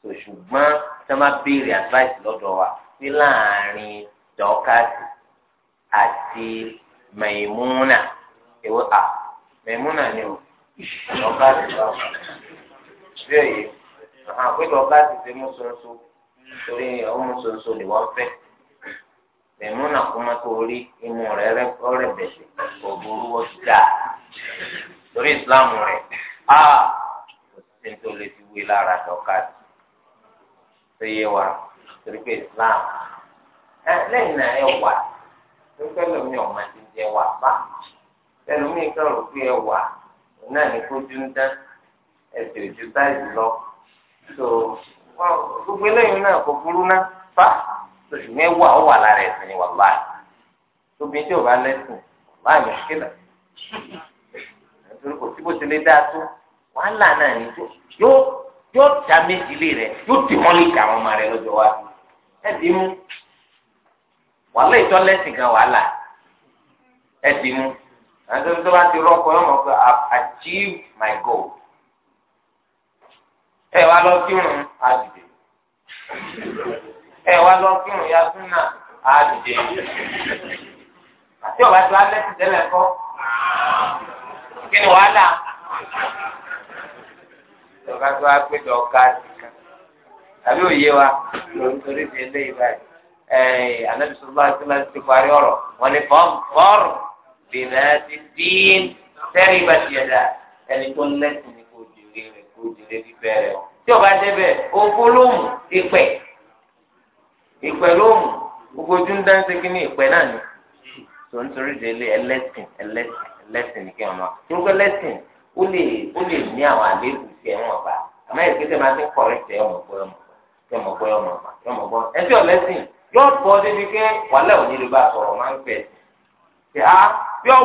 tó ṣùgbọ́n tí wọ́n bá béèrè advice lọ́dọ̀ wa sí láàrin dọ́kàtì àti Maimuna èwo à Maimuna ni o dọ́kàtì lọ́wọ́. sí èyí àpéjọ bá ti ṣe mùsùlùmí torí ni wọ́n fẹ́ kó má tó rí bẹ̀sẹ̀ kò burú ti torí rẹ̀ kò sí tó lè fi wé lára dọ́ka yé wa torí pé lẹ́yìn náà ẹ wà lómi ọ̀ma ti jẹ wà bá kan ẹ wà náà ní ẹsẹ̀ ju táìsì lọ so gbogbo eléyìí náà kò burú ná fa oṣù mẹ́wàá ó wà lára ẹ̀sìn ni wàhálà tóbi tí o bá lẹ́sìn wàhálà mi kílà nítorí kò sí bó ti lè dáa tó wàhálà náà ni yóò yóò dá méjì lé rẹ yóò dì mọ́lì dà àwọn ọmọ rẹ lọ́jọ́ wa ẹ dì mú wàhálà ìtọ́ lẹ́sìn gan wàhálà ẹ dì mú àti tó bá ti rọ́pò yọmọ pé I have my goal ẹ wá lọ kírun àdìdè ẹ wá lọ kírun ya súnà àdìdè àti ọba tí wàá lẹsìn tẹ́lẹ̀ kọ kí ni wàá là ọba tí wàá pé dọ̀ka àdìkan tàbí òye wa lórí ti eléyìí báyìí ẹ anabi sọlá sọlá ti parí ọ̀rọ̀ wọn ni fọrọ bìnnà ti dín sẹrí bàtì ẹ̀dá ẹni tó lẹsìn ní kò jù rí rẹ ojúlé fífẹ́ rẹ̀ o tí ọba débẹ̀ òfo lóhùn ìpẹ́ ìpẹ́ lóhùn gbogbo ojú ń dáńsẹ́ kí ní ìpẹ́ náà ni tó ń torí délé ẹlẹ́sìn ẹlẹ́sìn ẹlẹ́sìn ní kí wọn máa tó gbé lẹ́sìn ó lè ó lè ní àwọn àléébù sí ẹ̀wọ̀n bá àmọ́ ẹ̀ kéde máa ti ń kọ̀rẹ́ sí ẹ̀wọ̀n gbọ́ ẹ̀wọ̀n gbọ́ ẹ̀wọ̀n gbọ́ ẹ̀wọ̀n gbọ́ ẹ̀sìn ọ̀lẹ́sìn yóò bọ́ débi pé wàhálà òní ló bá sọ̀rọ̀ máa ń fẹ̀ ṣe á ah, yóò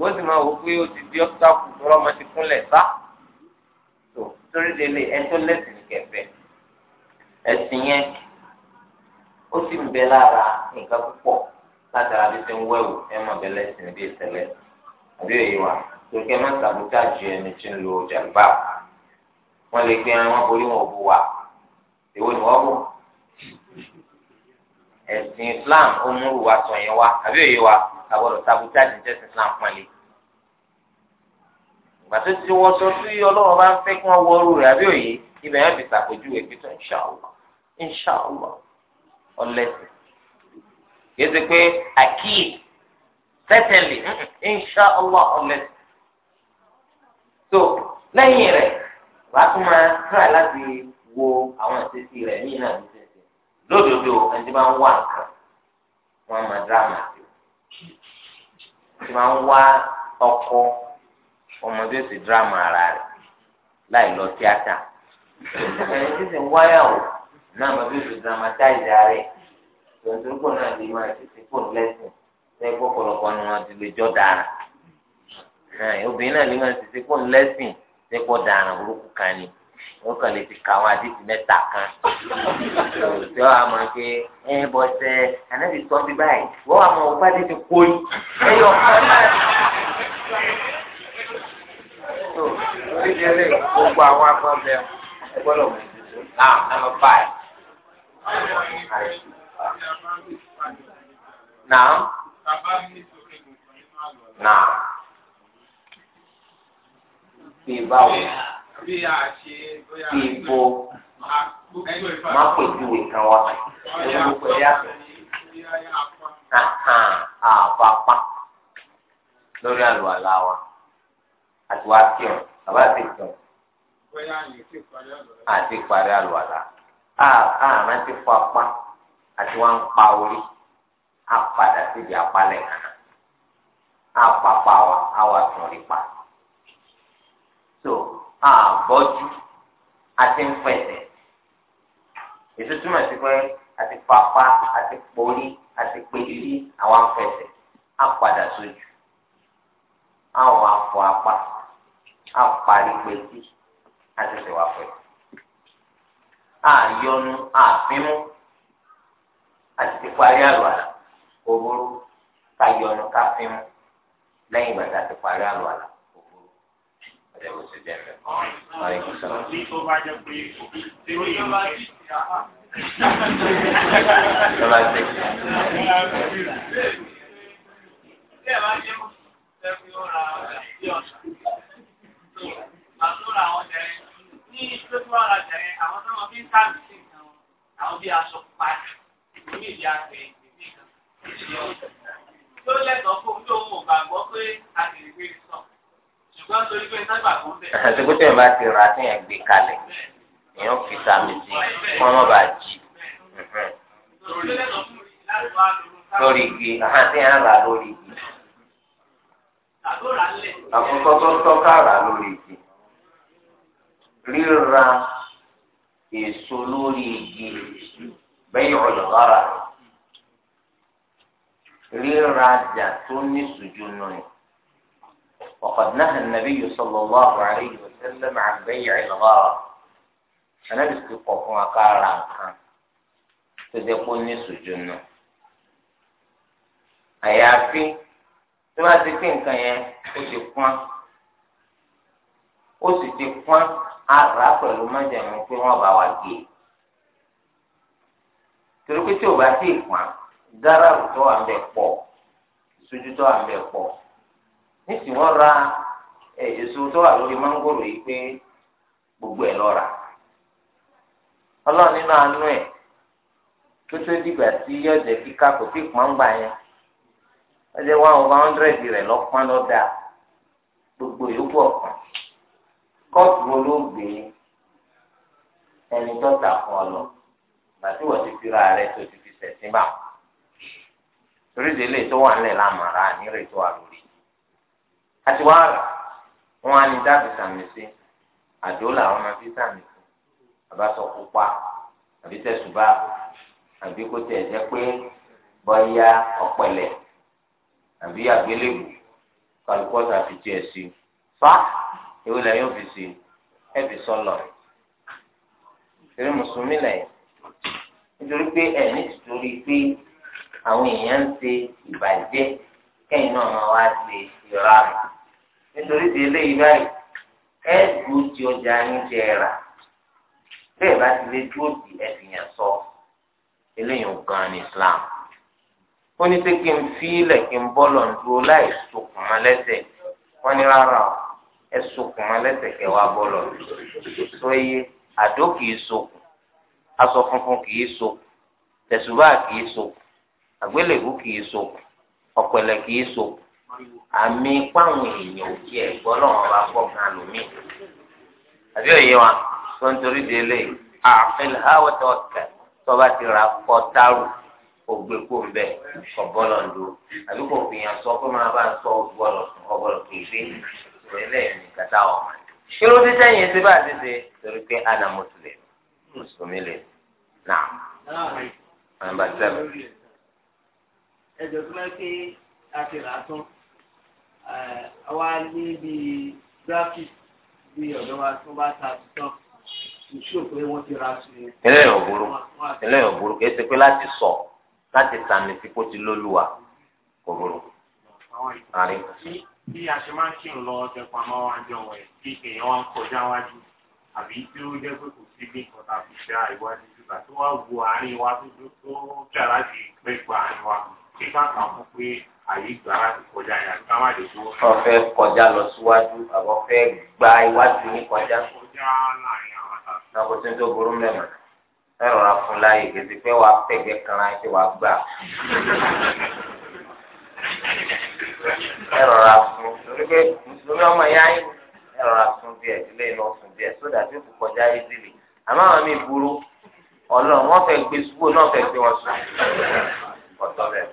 wọ́n sì máa wò pé ó ti di ọ́sítàkù tọ́lọ́ máa ti kúnlẹ̀ sá tó torí délé ẹjọ́ lẹ́sìn kẹfẹ́ ẹ̀sìn yẹn ó sì ń bẹ lára nǹkan púpọ̀ látara bí ṣe ń wẹ̀wò ẹ máa bẹ lẹ́sìn bí ìṣẹ̀lẹ̀ àbí èyí wa torí kẹ́ máa sàbútà ju ẹni tí ń lo jàǹbá wọ́n lè gbé ẹran orí wọn bu wa èwo ni wọ́n bù ẹ̀sìn Islam ó mú ìwà sọ̀yìn wa àbí èyí wa àwọ̀rọ̀ sabuta jíjẹ́ sí islam pọ́nlé. ìgbà tó ti wọṣọ tí ọlọ́run bá ń fẹ́ kí wọ́n wọ orú rẹ̀ àbí òye ibẹ̀ yẹn fi ṣàpèjúwe pító inṣàlá inṣàlá ọlẹ́sìn. kìí ṣe pé àkíyè certainly inṣàlá ọlẹ́sìn. so lẹ́yìn rẹ̀ wàá tún máa try láti wo àwọn ìṣesí rẹ̀ ní ìlànà ìṣẹ̀ṣẹ̀ lódodo ẹni tí wọ́n máa ń wá nǹkan wọ́n máa dáàmà tí máa ń wá ọkọ ọmọdé sì dírámà ara rẹ̀ láì lọ tíátà ẹni tí sì ń wáyàwó náà ọmọdé sì dírámà táìsì ara rẹ̀ tòǹtòǹkò náà lè máa tètè pò lẹ́sìn lẹ́yìn pọ̀pọ̀lọpọ̀ ni wọ́n ti lè jọ dára obìnrin náà lè máa tètè pò lẹ́sìn lẹ́pọ̀ dára burúkú kan ni wọn kàn lè ti ka àwọn àdìsí mẹ́ta kan tí wọn àmọ́ pé ẹ bọsẹ ànábì sọ bí báyìí wọn àmọ́ òkú àdìsí kóyì ẹ yọ ọkọ náà tó oríṣiríṣi gbogbo àwọn akọọbẹ ẹ gbọ́dọ̀ mọ náà nàmọ báyìí. Now. Now. Be about it bí a ṣe bóyá ìbò máa pè ju ìkan wa ní gbogbo ẹ̀yà àpapà lórí àlùwàlà wa àti wá kí ọ bàbá ti kàn àti parí àlùwàlà àárín ti fọ apá àti wá ń pa orí àpadà síbi apálẹ̀ kan àpapà wa àwa tún rí pa àbọ́jú àti ń pẹ̀sẹ̀ èso túmọ̀ sí pé àti papá àti pòrí àti pèlí àwọn ń pẹ̀sẹ̀ á padà sójú àwọn afọ apá á parí pèsè á tẹ̀sẹ̀ wá pẹ̀sẹ̀ àyọnu àfimú àti ti parí àlùwàlà òwúrò káyọnu káfimú lẹ́yìn ìgbà tá a ti parí àlùwàlà ẹ̀rọ ṣe jẹ́ mẹ́. Báyìí kò sọ. Tọ́lá ṣe. Àwọn bí aṣọ pàtàkì, ìdílé ìdí àgbẹ̀ ìdílé kan, ìdílé ọ̀sẹ̀. Tó lẹ́tọ̀ọ́ fún ojú òun ò gbàgbọ́ pé àgbèrè gbé e sọ àtẹ̀kùtẹ̀ bá ti ra tí yẹn gbé kalẹ̀ èèyàn fi sàmì sí kọ́ ọ́n bá jì lórí igi àti yẹn ra lórí igi àkókò tó tọ́ka ra lórí igi ríra èso lórí igi bẹ́ẹ̀ ọ̀lọ́ra ríra jà tó ní sùjú nù وقد نهى النبي صلى الله عليه وسلم عن بيع الغرض أنا بسكوكو وقارا كان تدقوني سجنه àyàfi tí wọn ti pín nǹkan yẹn ó ti pọ́n ó sì ti pọ́n ara pẹ̀lú májàmú pé wọn bá wa gé torí pé tí o bá ti pọ́n dára tó wà ń bẹ pọ̀ ìṣojú tó wà ń bẹ pọ̀ nísìnyí wọ́n ra èso tó wà lórí mángòrò yìí pé gbogbo ẹ̀ lọ rà ọlọ́run nínú àánú ẹ̀ tó dìgbà tí yóò kíkà kò fi gbà yẹn one hundred gbogbo yòókù ọ̀kan kóòtù wo ló gbé ẹni tó fún ọ lọ gbàtí wọ́n ti fi ra rẹ̀ tó ti fi sẹ̀sìn bá torí délé tó wà nílẹ̀ lámàrà àti wàá rà wọn á ní dábì sàmì sí àdó làwọn máa fi sàmì sí àbáṣọ pupa àbí tẹ̀sùbà àbí kó tẹ̀ jẹ́ pé bọ́yá ọ̀pẹ̀lẹ̀ àbí àgbélébù kálukọ́tà fi tiẹ̀ sí fa ewé la yóò fi sí ẹ fi sọlọ eré mùsùlùmí lẹ́yìn nítorí pé ẹ nítorí pé àwọn èèyàn ń ṣe ìbàjẹ́ kẹ́yìn náà máa wá ṣe ìrarùn nítorí di eléyìí báyìí ẹ dúró di ọjà yín jẹ ẹ rà bẹ́ẹ̀ bá ti lè dúró di ẹ̀dìyàn sọ eléyìí gan ni Islam ó ní pé kí n fi ilẹ̀ kí n bọ́lọ̀ ń dúró láì sokùn mọ́ lẹ́sẹ̀ wọ́n ní rárá o ẹ sokùn mọ́ lẹ́sẹ̀ kẹ́ wá bọ́lọ̀ tó yé àdó kìí sokùn aṣọ funfun kìí sokùn tẹ̀sùbá kìí sokùn àgbélébù kìí sokùn ọ̀pẹ̀lẹ̀ kìí sokùn àmì páwọn èèyàn ò tiẹ̀ gbọ́ lọ́wọ́ bá gbọ́ gan lómi. àbí òye wa tó ń torí de lè àfin àwọn tó ọ̀kẹ́ tó bá ti ra kọ́ tárù ògbé kó ń bẹ kọ bọ́lọ̀ ń do àbí kò fi hàn sọ pé máa bá ń sọ bọ́lọ̀ kọ bọ́lọ̀ kì í gbé kàtà ọ̀mà. kí ló dé sẹ́yìn ẹsẹ̀ bá a ti ṣe torí pé ana mùsùlùmí mùsùlùmí lè nà. nàmbà sẹ́fù. ẹ̀jọ̀ tó máa ń Eh, àwa ní bí graphic bí ọ̀dọ́ wa tó bá ta sọ ìṣó pé wọ́n ti ra sí i. eléyìí ò burú eléyìí ò burú kì í ṣe pé láti sọ láti sàmì sí kó ti lólúwa kò burú. bí a ṣe máa ń kírun lọ ọjọ pamọ́ àjọ ẹ̀ kí èèyàn wá ń kọjá wájú àbí tí ó jẹ́ pé kò sí bí nǹkan tá a fi ṣe àìwájú ìgbà tó wá wo àárín wa tó tó tó dára sí pẹ́ẹ́pẹ́ àárín wa kí ká kà á fún pé àyè gbà á ti kọjá yẹn àti káwá lè dúró. wọ́n fẹ́ kọjá lọ síwájú àwọn fẹ́ gba iwájú ní kọjá. kọjá láàrin àwọn àtàkùn. náà kò tí ń tó burú mẹ́mọ̀ ẹ rọra fún láyè gèdè pé wàá pẹ̀gẹ́ kan láyé tí wàá gbà. ẹ rọra fún torí pé mùsùlùmí ọmọ ìyá yín ẹ rọra fún díẹ̀ ilé iná fún díẹ̀ sódà tí kò kọjá yé àmọ́ àwọn mi burú ọlọ́run wọ́n fẹ́ gbé sùgbó náà fẹ́ gbé wọn sùn ọ̀tọ̀ bẹ́ẹ̀.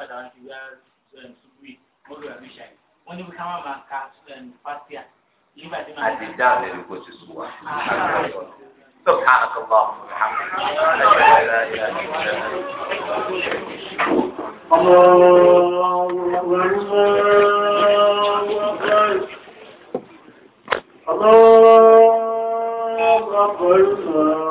nígbà táwọn ti wá ṣubúrì mọ́lù àbíṣà yìí wọ́n ní ká má máa ka fásíà nígbà tí máa. àti dáhùn lórí kó ti sùn wá. سبحانك اللهم وبحمدك لا اله الله اكبر الله اكبر